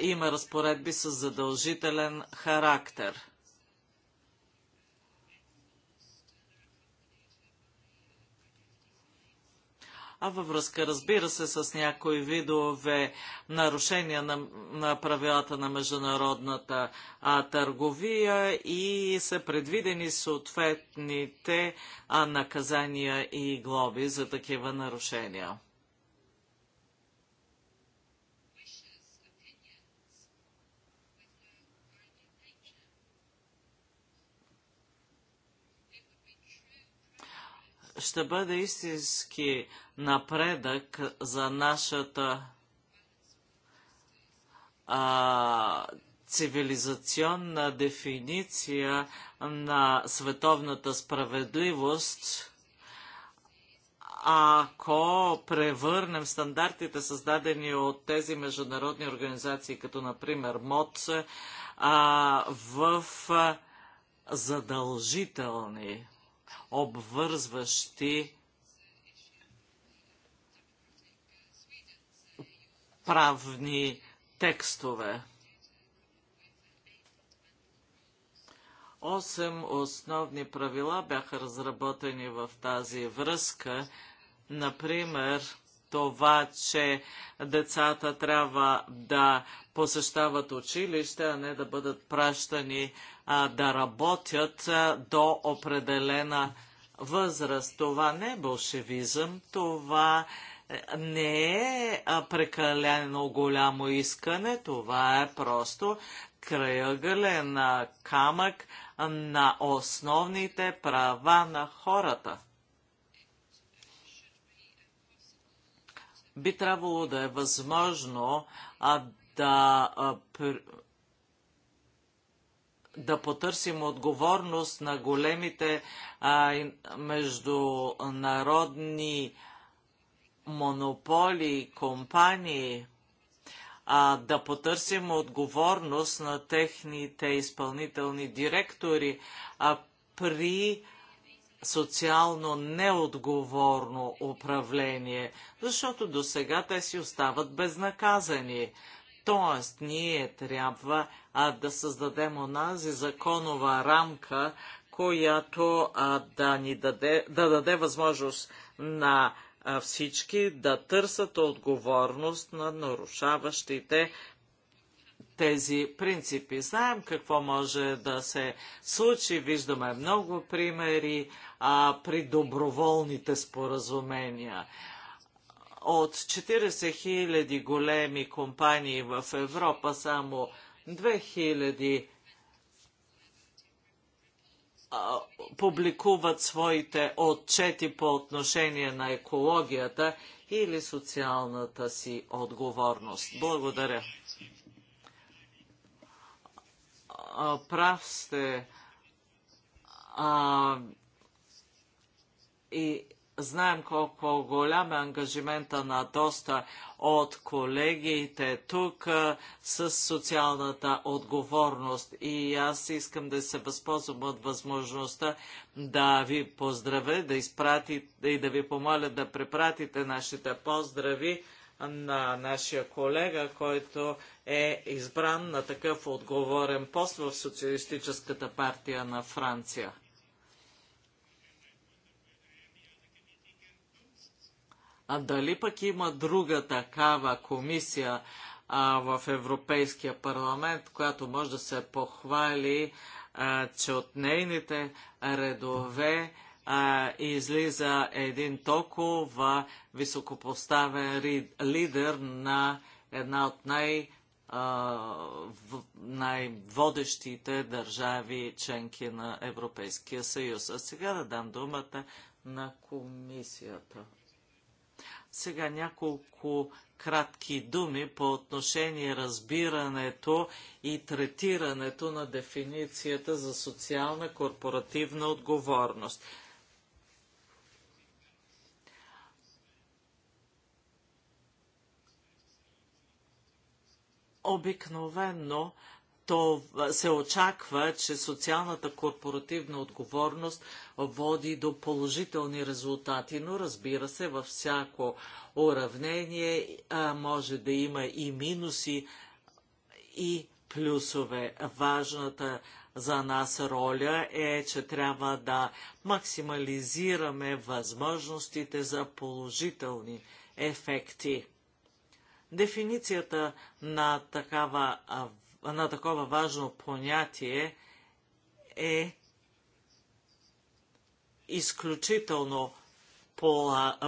има разпоредби с задължителен характер. а във връзка, разбира се, с някои видове нарушения на, на правилата на международната а, търговия и са предвидени съответните а, наказания и глоби за такива нарушения. ще бъде истински напредък за нашата а, цивилизационна дефиниция на световната справедливост, ако превърнем стандартите, създадени от тези международни организации, като например МОЦ, а, в задължителни обвързващи правни текстове. Осем основни правила бяха разработени в тази връзка. Например, това, че децата трябва да посещават училище, а не да бъдат пращани а, да работят а, до определена възраст. Това не е болшевизъм, това е, не е прекалено голямо искане, това е просто краъгълен камък на основните права на хората. Би трябвало да е възможно а, да а, да потърсим отговорност на големите а, международни монополи, компании, а, да потърсим отговорност на техните изпълнителни директори а, при социално неотговорно управление, защото до сега те си остават безнаказани. Т.е. ние трябва а, да създадем онази законова рамка, която а, да ни даде, да даде възможност на а, всички да търсят отговорност на нарушаващите тези принципи. Знаем какво може да се случи, виждаме много примери а, при доброволните споразумения. От 40 000 големи компании в Европа само 2000 публикуват своите отчети по отношение на екологията или социалната си отговорност. Благодаря. Прав сте. А, и Знаем колко голям е ангажимента на доста от колегите тук с социалната отговорност. И аз искам да се възползвам от възможността да ви поздравя, да изпратите и да ви помоля да препратите нашите поздрави на нашия колега, който е избран на такъв отговорен пост в Социалистическата партия на Франция. А дали пък има друга такава комисия а, в Европейския парламент, която може да се похвали, а, че от нейните редове а, излиза един толкова високопоставен лидер на една от най- най-водещите държави членки на Европейския съюз. А сега да дам думата на комисията. Сега няколко кратки думи по отношение разбирането и третирането на дефиницията за социална корпоративна отговорност. Обикновено то се очаква, че социалната корпоративна отговорност води до положителни резултати, но разбира се, във всяко уравнение може да има и минуси, и плюсове. Важната за нас роля е, че трябва да максимализираме възможностите за положителни ефекти. Дефиницията на такава на такова важно понятие е изключително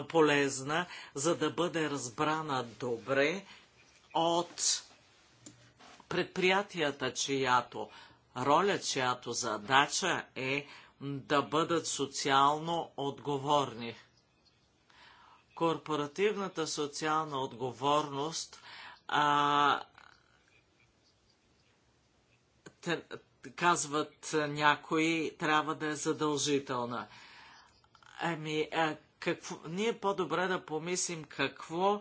полезна, за да бъде разбрана добре от предприятията, чиято роля, чиято задача е да бъдат социално отговорни. Корпоративната социална отговорност а, казват е, някои, трябва да е задължителна. Еми, е, какво, ние по-добре да помислим какво е,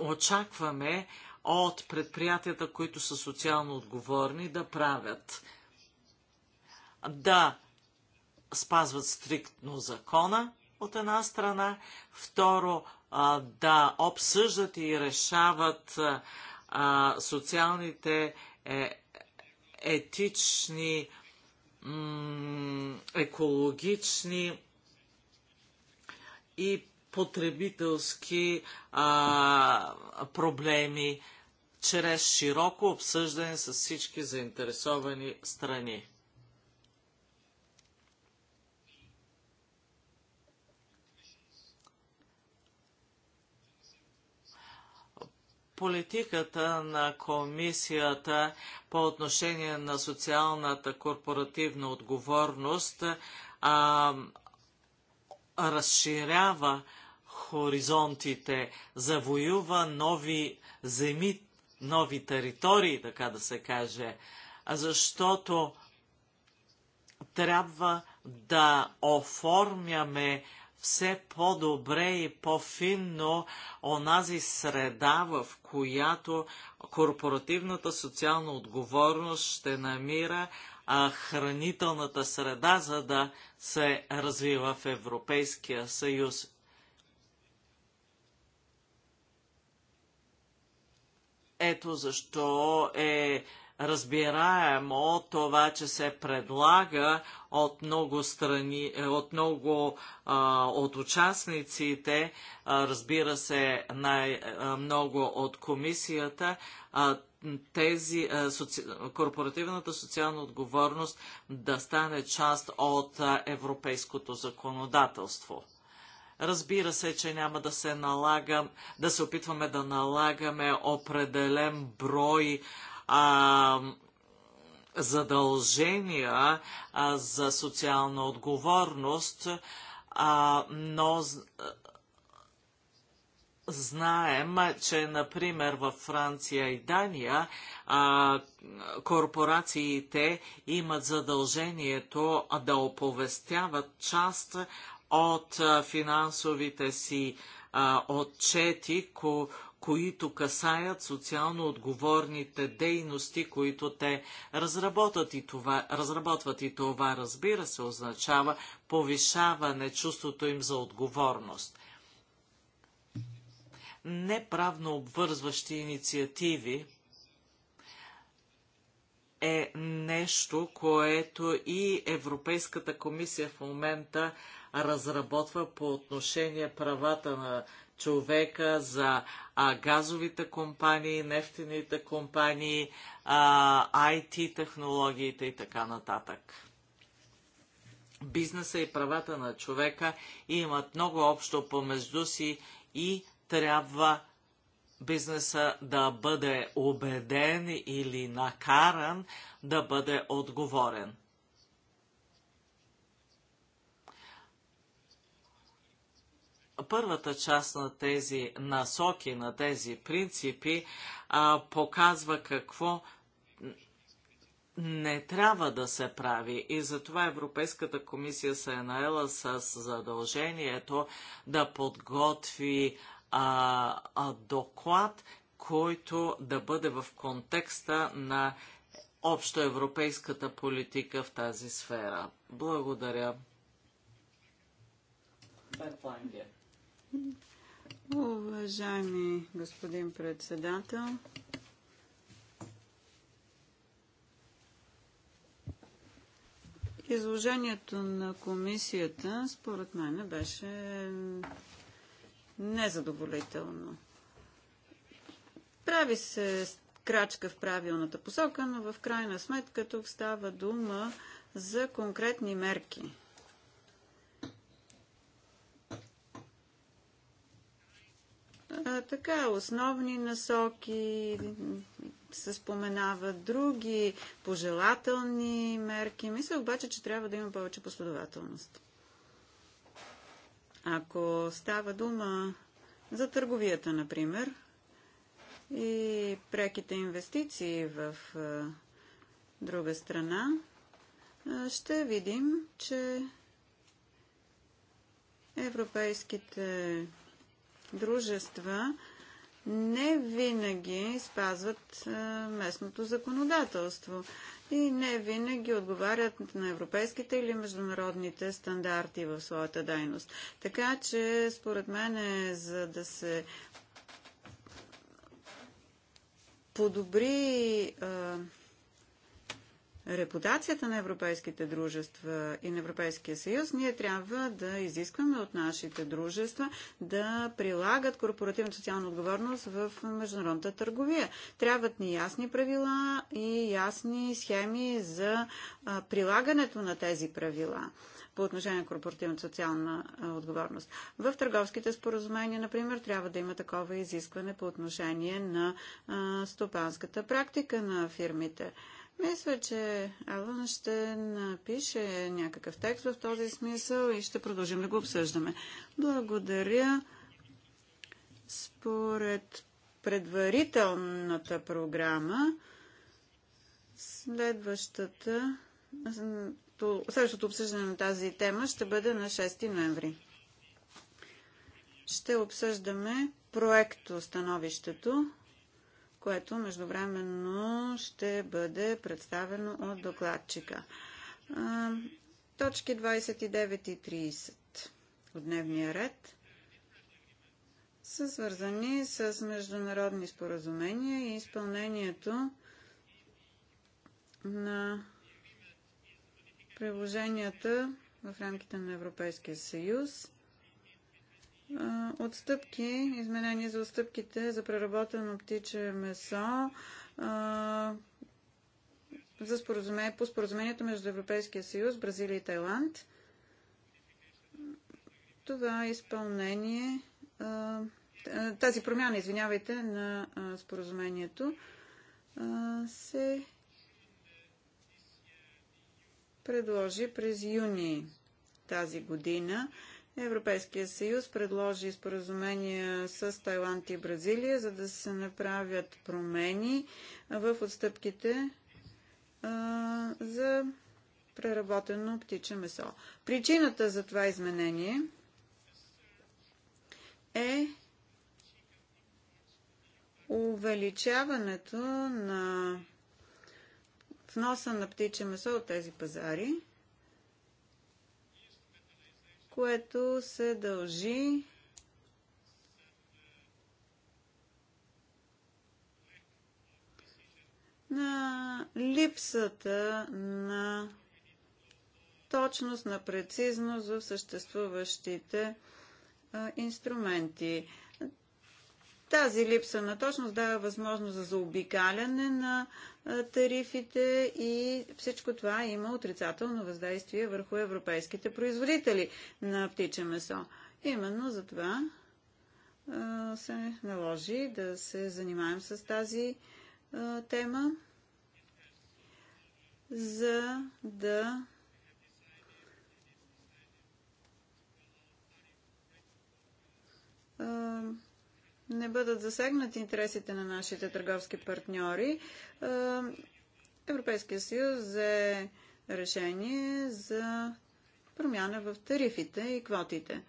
очакваме от предприятията, които са социално отговорни, да правят. Да спазват стриктно закона, от една страна, второ, да обсъждат и решават а, социалните е, етични, екологични и потребителски а, проблеми чрез широко обсъждане с всички заинтересовани страни. политиката на комисията по отношение на социалната корпоративна отговорност а, разширява хоризонтите, завоюва нови земи, нови територии, така да се каже, защото трябва да оформяме все по-добре и по-финно онази среда, в която корпоративната социална отговорност ще намира хранителната среда, за да се развива в Европейския съюз. Ето защо е разбираемо това, че се предлага от много страни, е, от много а, от участниците, а, разбира се, най-много е, от комисията, а, тези а, е, соци... корпоративната социална отговорност да стане част от а, европейското законодателство. Разбира се, че няма да се налагам, да се опитваме да налагаме определен брой а, задължения а, за социална отговорност, а, но знаем, че, например, във Франция и Дания а, корпорациите имат задължението да оповестяват част от финансовите си а, отчети, ко, които касаят социално отговорните дейности, които те разработват и това, разработват и това разбира се, означава повишаване чувството им за отговорност. Неправно обвързващи инициативи е нещо, което и Европейската комисия в момента разработва по отношение правата на човека за а, газовите компании, нефтените компании, а, IT технологиите и така нататък. Бизнеса и правата на човека имат много общо помежду си и трябва бизнеса да бъде убеден или накаран да бъде отговорен. първата част на тези насоки, на тези принципи, а, показва какво не трябва да се прави и затова Европейската комисия се е наела с задължението да подготви а, а, доклад, който да бъде в контекста на общоевропейската политика в тази сфера. Благодаря. Бен Уважаеми господин председател, изложението на комисията според мен беше незадоволително. Прави се крачка в правилната посока, но в крайна сметка тук става дума за конкретни мерки – А, така, основни насоки се споменават други, пожелателни мерки. Мисля обаче, че трябва да има повече последователност. Ако става дума за търговията, например, и преките инвестиции в друга страна, ще видим, че европейските дружества не винаги спазват местното законодателство и не винаги отговарят на европейските или международните стандарти в своята дейност. Така че, според мен, е, за да се подобри репутацията на европейските дружества и на Европейския съюз, ние трябва да изискваме от нашите дружества да прилагат корпоративна социална отговорност в международната търговия. Трябват ни ясни правила и ясни схеми за прилагането на тези правила по отношение на корпоративна социална отговорност. В търговските споразумения, например, трябва да има такова изискване по отношение на стопанската практика на фирмите. Мисля, че Алън ще напише някакъв текст в този смисъл и ще продължим да го обсъждаме. Благодаря. Според предварителната програма, следващата, следващото обсъждане на тази тема ще бъде на 6 ноември. Ще обсъждаме проекто становището което междувременно ще бъде представено от докладчика. Точки 29 и 30 от дневния ред са свързани с международни споразумения и изпълнението на приложенията в рамките на Европейския съюз Отстъпки, изменения за отстъпките за преработено птиче месо за споразумение, по споразумението между Европейския съюз, Бразилия и Тайланд. Това е изпълнение, тази промяна, извинявайте, на споразумението се предложи през юни тази година Европейския съюз предложи споразумения с Тайланд и Бразилия, за да се направят промени в отстъпките за преработено птиче месо. Причината за това изменение е увеличаването на вноса на птиче месо от тези пазари – което се дължи на липсата на точност, на прецизност в съществуващите а, инструменти. Тази липса на точност дава възможност за заобикаляне на тарифите и всичко това има отрицателно въздействие върху европейските производители на птиче месо. Именно за това се наложи да се занимаем с тази тема, за да не бъдат засегнати интересите на нашите търговски партньори, е, Европейския съюз взе решение за промяна в тарифите и квотите.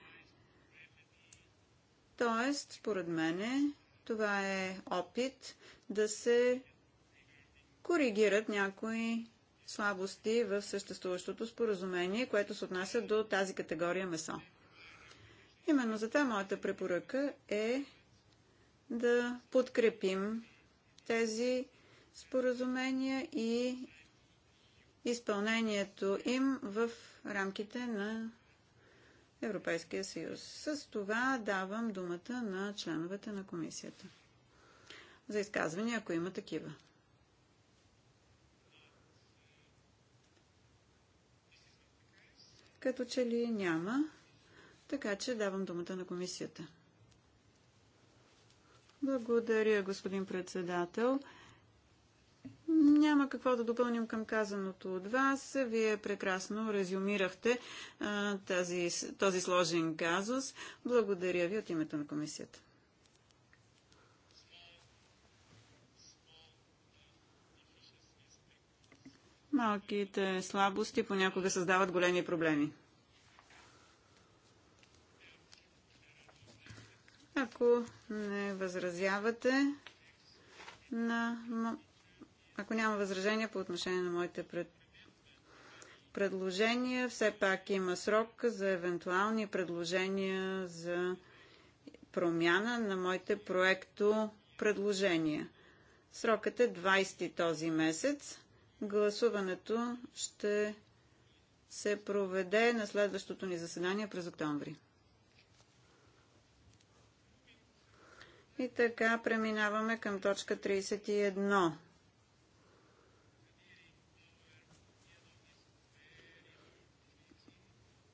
Тоест, според мене, това е опит да се коригират някои слабости в съществуващото споразумение, което се отнася до тази категория месо. Именно за това моята препоръка е да подкрепим тези споразумения и изпълнението им в рамките на Европейския съюз. С това давам думата на членовете на комисията. За изказвания, ако има такива. Като че ли няма, така че давам думата на комисията. Благодаря, господин председател. Няма какво да допълним към казаното от вас. Вие прекрасно резюмирахте а, тази, този сложен казус. Благодаря ви от името на комисията. Малките слабости понякога създават големи проблеми. Ако не възразявате на... Ако няма възражения по отношение на моите пред... предложения, все пак има срок за евентуални предложения за промяна на моите проекто предложения. Срокът е 20 този месец. Гласуването ще се проведе на следващото ни заседание през октомври. И така преминаваме към точка 31.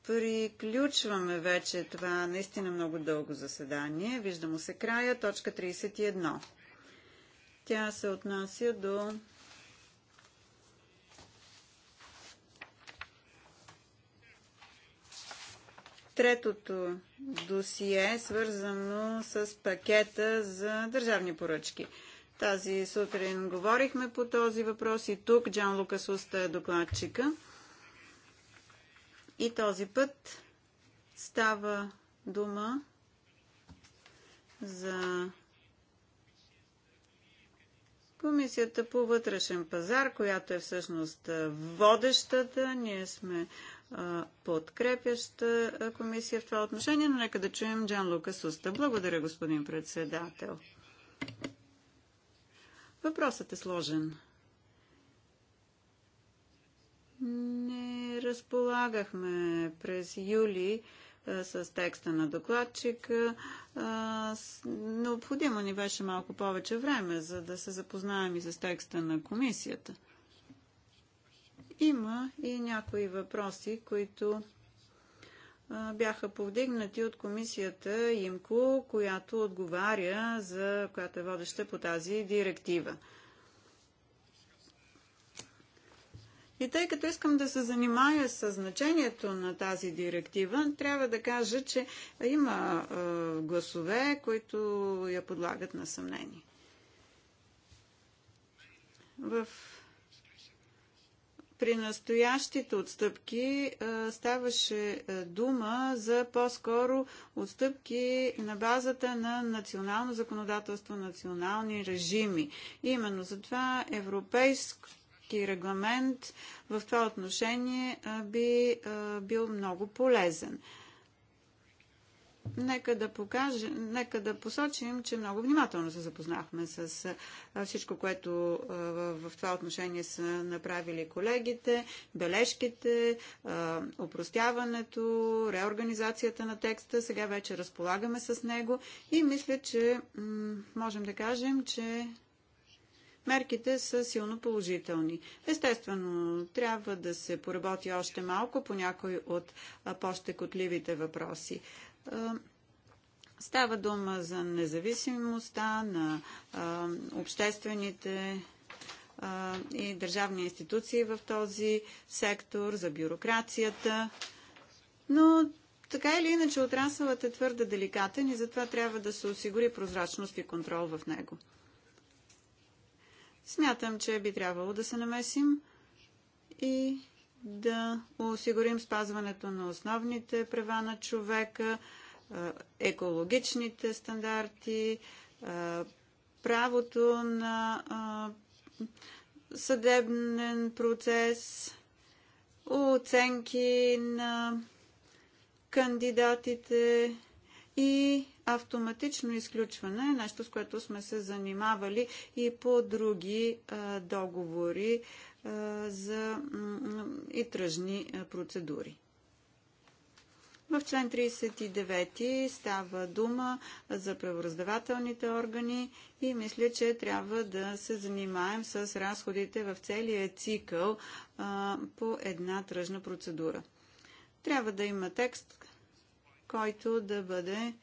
Приключваме вече това наистина много дълго заседание. Виждамо се края, точка 31. Тя се отнася до Третото досие е свързано с пакета за държавни поръчки. Тази сутрин говорихме по този въпрос и тук Джан Лукас Уста е докладчика. И този път става дума за Комисията по вътрешен пазар, която е всъщност водещата. Ние сме подкрепяща комисия в това отношение, но нека да чуем Джан Лука Суста. Благодаря, господин председател. Въпросът е сложен. Не разполагахме през юли с текста на докладчика. необходимо ни беше малко повече време, за да се запознаем и с текста на комисията. Има и някои въпроси, които бяха повдигнати от комисията ИМКО, която отговаря за, която е водеща по тази директива. И тъй като искам да се занимая с значението на тази директива, трябва да кажа, че има гласове, които я подлагат на съмнение. В при настоящите отстъпки ставаше дума за по-скоро отстъпки на базата на национално законодателство, национални режими. И именно затова европейски регламент в това отношение би бил много полезен. Нека да, покажем, нека да посочим, че много внимателно се запознахме с всичко, което в това отношение са направили колегите, бележките, опростяването, реорганизацията на текста. Сега вече разполагаме с него и мисля, че можем да кажем, че мерките са силно положителни. Естествено, трябва да се поработи още малко по някой от по-щекотливите въпроси. Става дума за независимостта на обществените и държавни институции в този сектор, за бюрокрацията. Но така или иначе отрасълът е твърде деликатен и затова трябва да се осигури прозрачност и контрол в него. Смятам, че би трябвало да се намесим и да осигурим спазването на основните права на човека, екологичните стандарти, правото на съдебен процес, оценки на кандидатите и автоматично изключване, нещо с което сме се занимавали и по други а, договори а, за, и тръжни а, процедури. В член 39 става дума за правораздавателните органи и мисля, че трябва да се занимаем с разходите в целия цикъл а, по една тръжна процедура. Трябва да има текст, който да бъде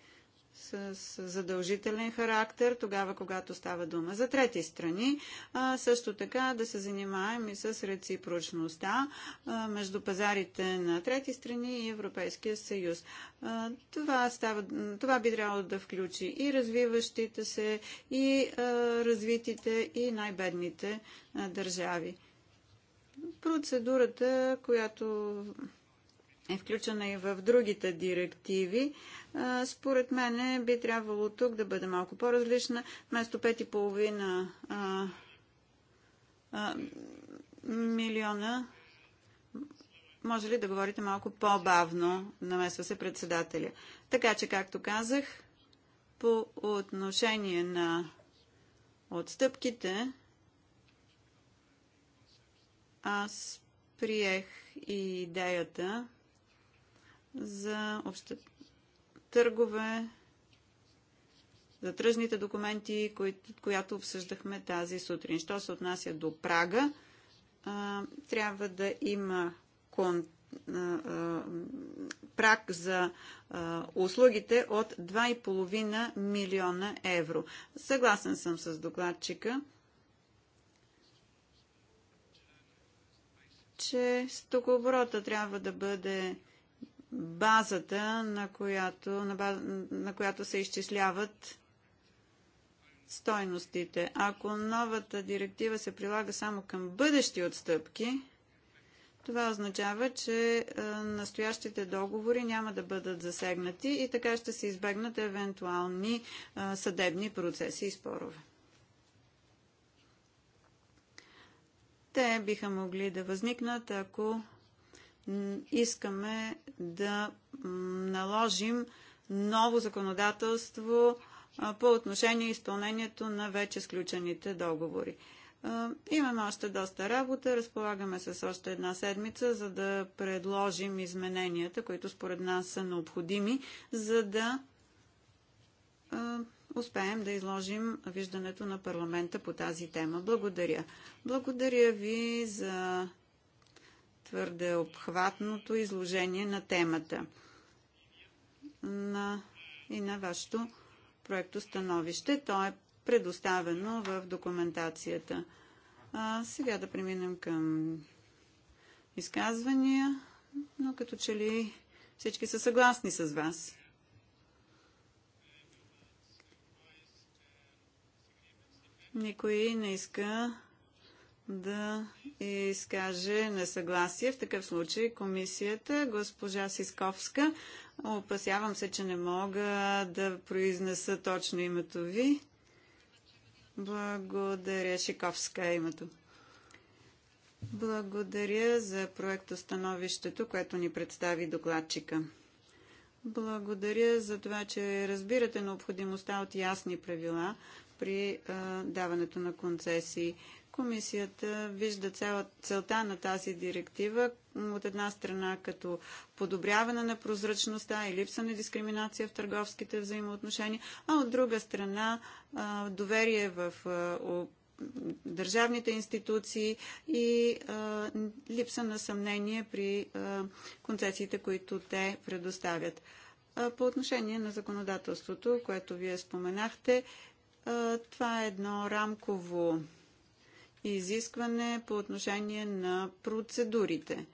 с задължителен характер, тогава когато става дума за трети страни. А, също така да се занимаем и с реципрочността а, между пазарите на трети страни и Европейския съюз. А, това, става, това би трябвало да включи и развиващите се, и а, развитите, и най-бедните държави. Процедурата, която е включена и в другите директиви, според мен би трябвало тук да бъде малко по-различна. Вместо 5,5 милиона, може ли да говорите малко по-бавно, намесва се председателя. Така че, както казах, по отношение на отстъпките, аз приех и идеята за обща търгове, за тръжните документи, кои, която обсъждахме тази сутрин. Що се отнася до прага, а, трябва да има кон, а, а, праг за услугите от 2,5 милиона евро. Съгласен съм с докладчика, че стокооборота трябва да бъде базата, на която, на, баз, на която се изчисляват стойностите. Ако новата директива се прилага само към бъдещи отстъпки, това означава, че настоящите договори няма да бъдат засегнати и така ще се избегнат евентуални съдебни процеси и спорове. Те биха могли да възникнат, ако искаме да наложим ново законодателство по отношение изпълнението на вече сключените договори. Имаме още доста работа, разполагаме с още една седмица, за да предложим измененията, които според нас са необходими, за да успеем да изложим виждането на парламента по тази тема. Благодаря. Благодаря ви за твърде обхватното изложение на темата на, и на вашето проекто становище. То е предоставено в документацията. А, сега да преминем към изказвания, но като че ли всички са съгласни с вас. Никой не иска да изкаже несъгласие. В такъв случай комисията, госпожа Сисковска, опасявам се, че не мога да произнеса точно името ви. Благодаря, Шиковска е името. Благодаря за проектостановището, което ни представи докладчика. Благодаря за това, че разбирате необходимостта от ясни правила при а, даването на концесии. Комисията вижда цяла, целта на тази директива от една страна като подобряване на прозрачността и липса на дискриминация в търговските взаимоотношения, а от друга страна доверие в държавните институции и липса на съмнение при концесиите, които те предоставят. По отношение на законодателството, което вие споменахте, това е едно рамково изискване по отношение на процедурите.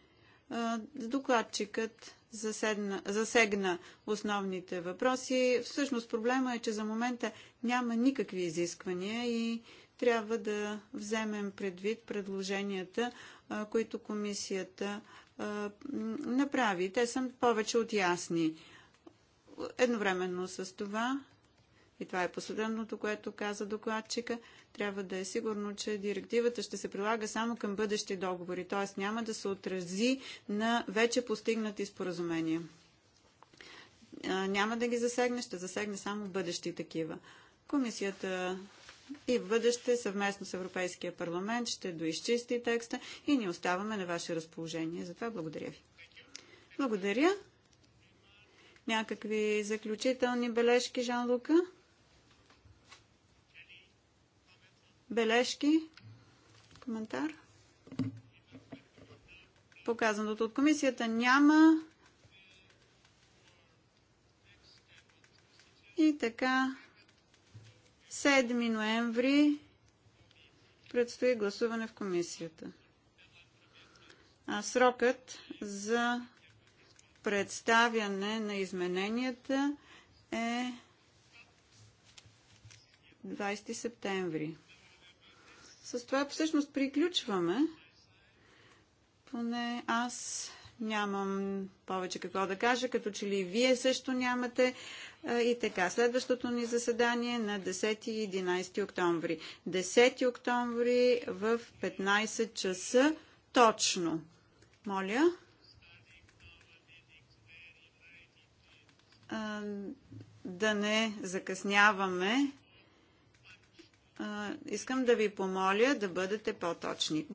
Докладчикът заседна, засегна основните въпроси. Всъщност проблема е, че за момента няма никакви изисквания и трябва да вземем предвид предложенията, които комисията направи. Те са повече от ясни. Едновременно с това и това е последното, което каза докладчика, трябва да е сигурно, че директивата ще се прилага само към бъдещи договори, т.е. няма да се отрази на вече постигнати споразумения. Няма да ги засегне, ще засегне само бъдещи такива. Комисията и в бъдеще съвместно с Европейския парламент ще доизчисти текста и ни оставаме на ваше разположение. Затова благодаря ви. Благодаря. Някакви заключителни бележки, Жан Лука? Бележки? Коментар? Показаното от комисията няма. И така, 7 ноември предстои гласуване в комисията. А срокът за представяне на измененията е 20 септември. С това всъщност приключваме. Поне аз нямам повече какво да кажа, като че ли вие също нямате. И така, следващото ни заседание на 10 и 11 октомври. 10 октомври в 15 часа точно. Моля. Да не закъсняваме искам да ви помоля да бъдете по-точни.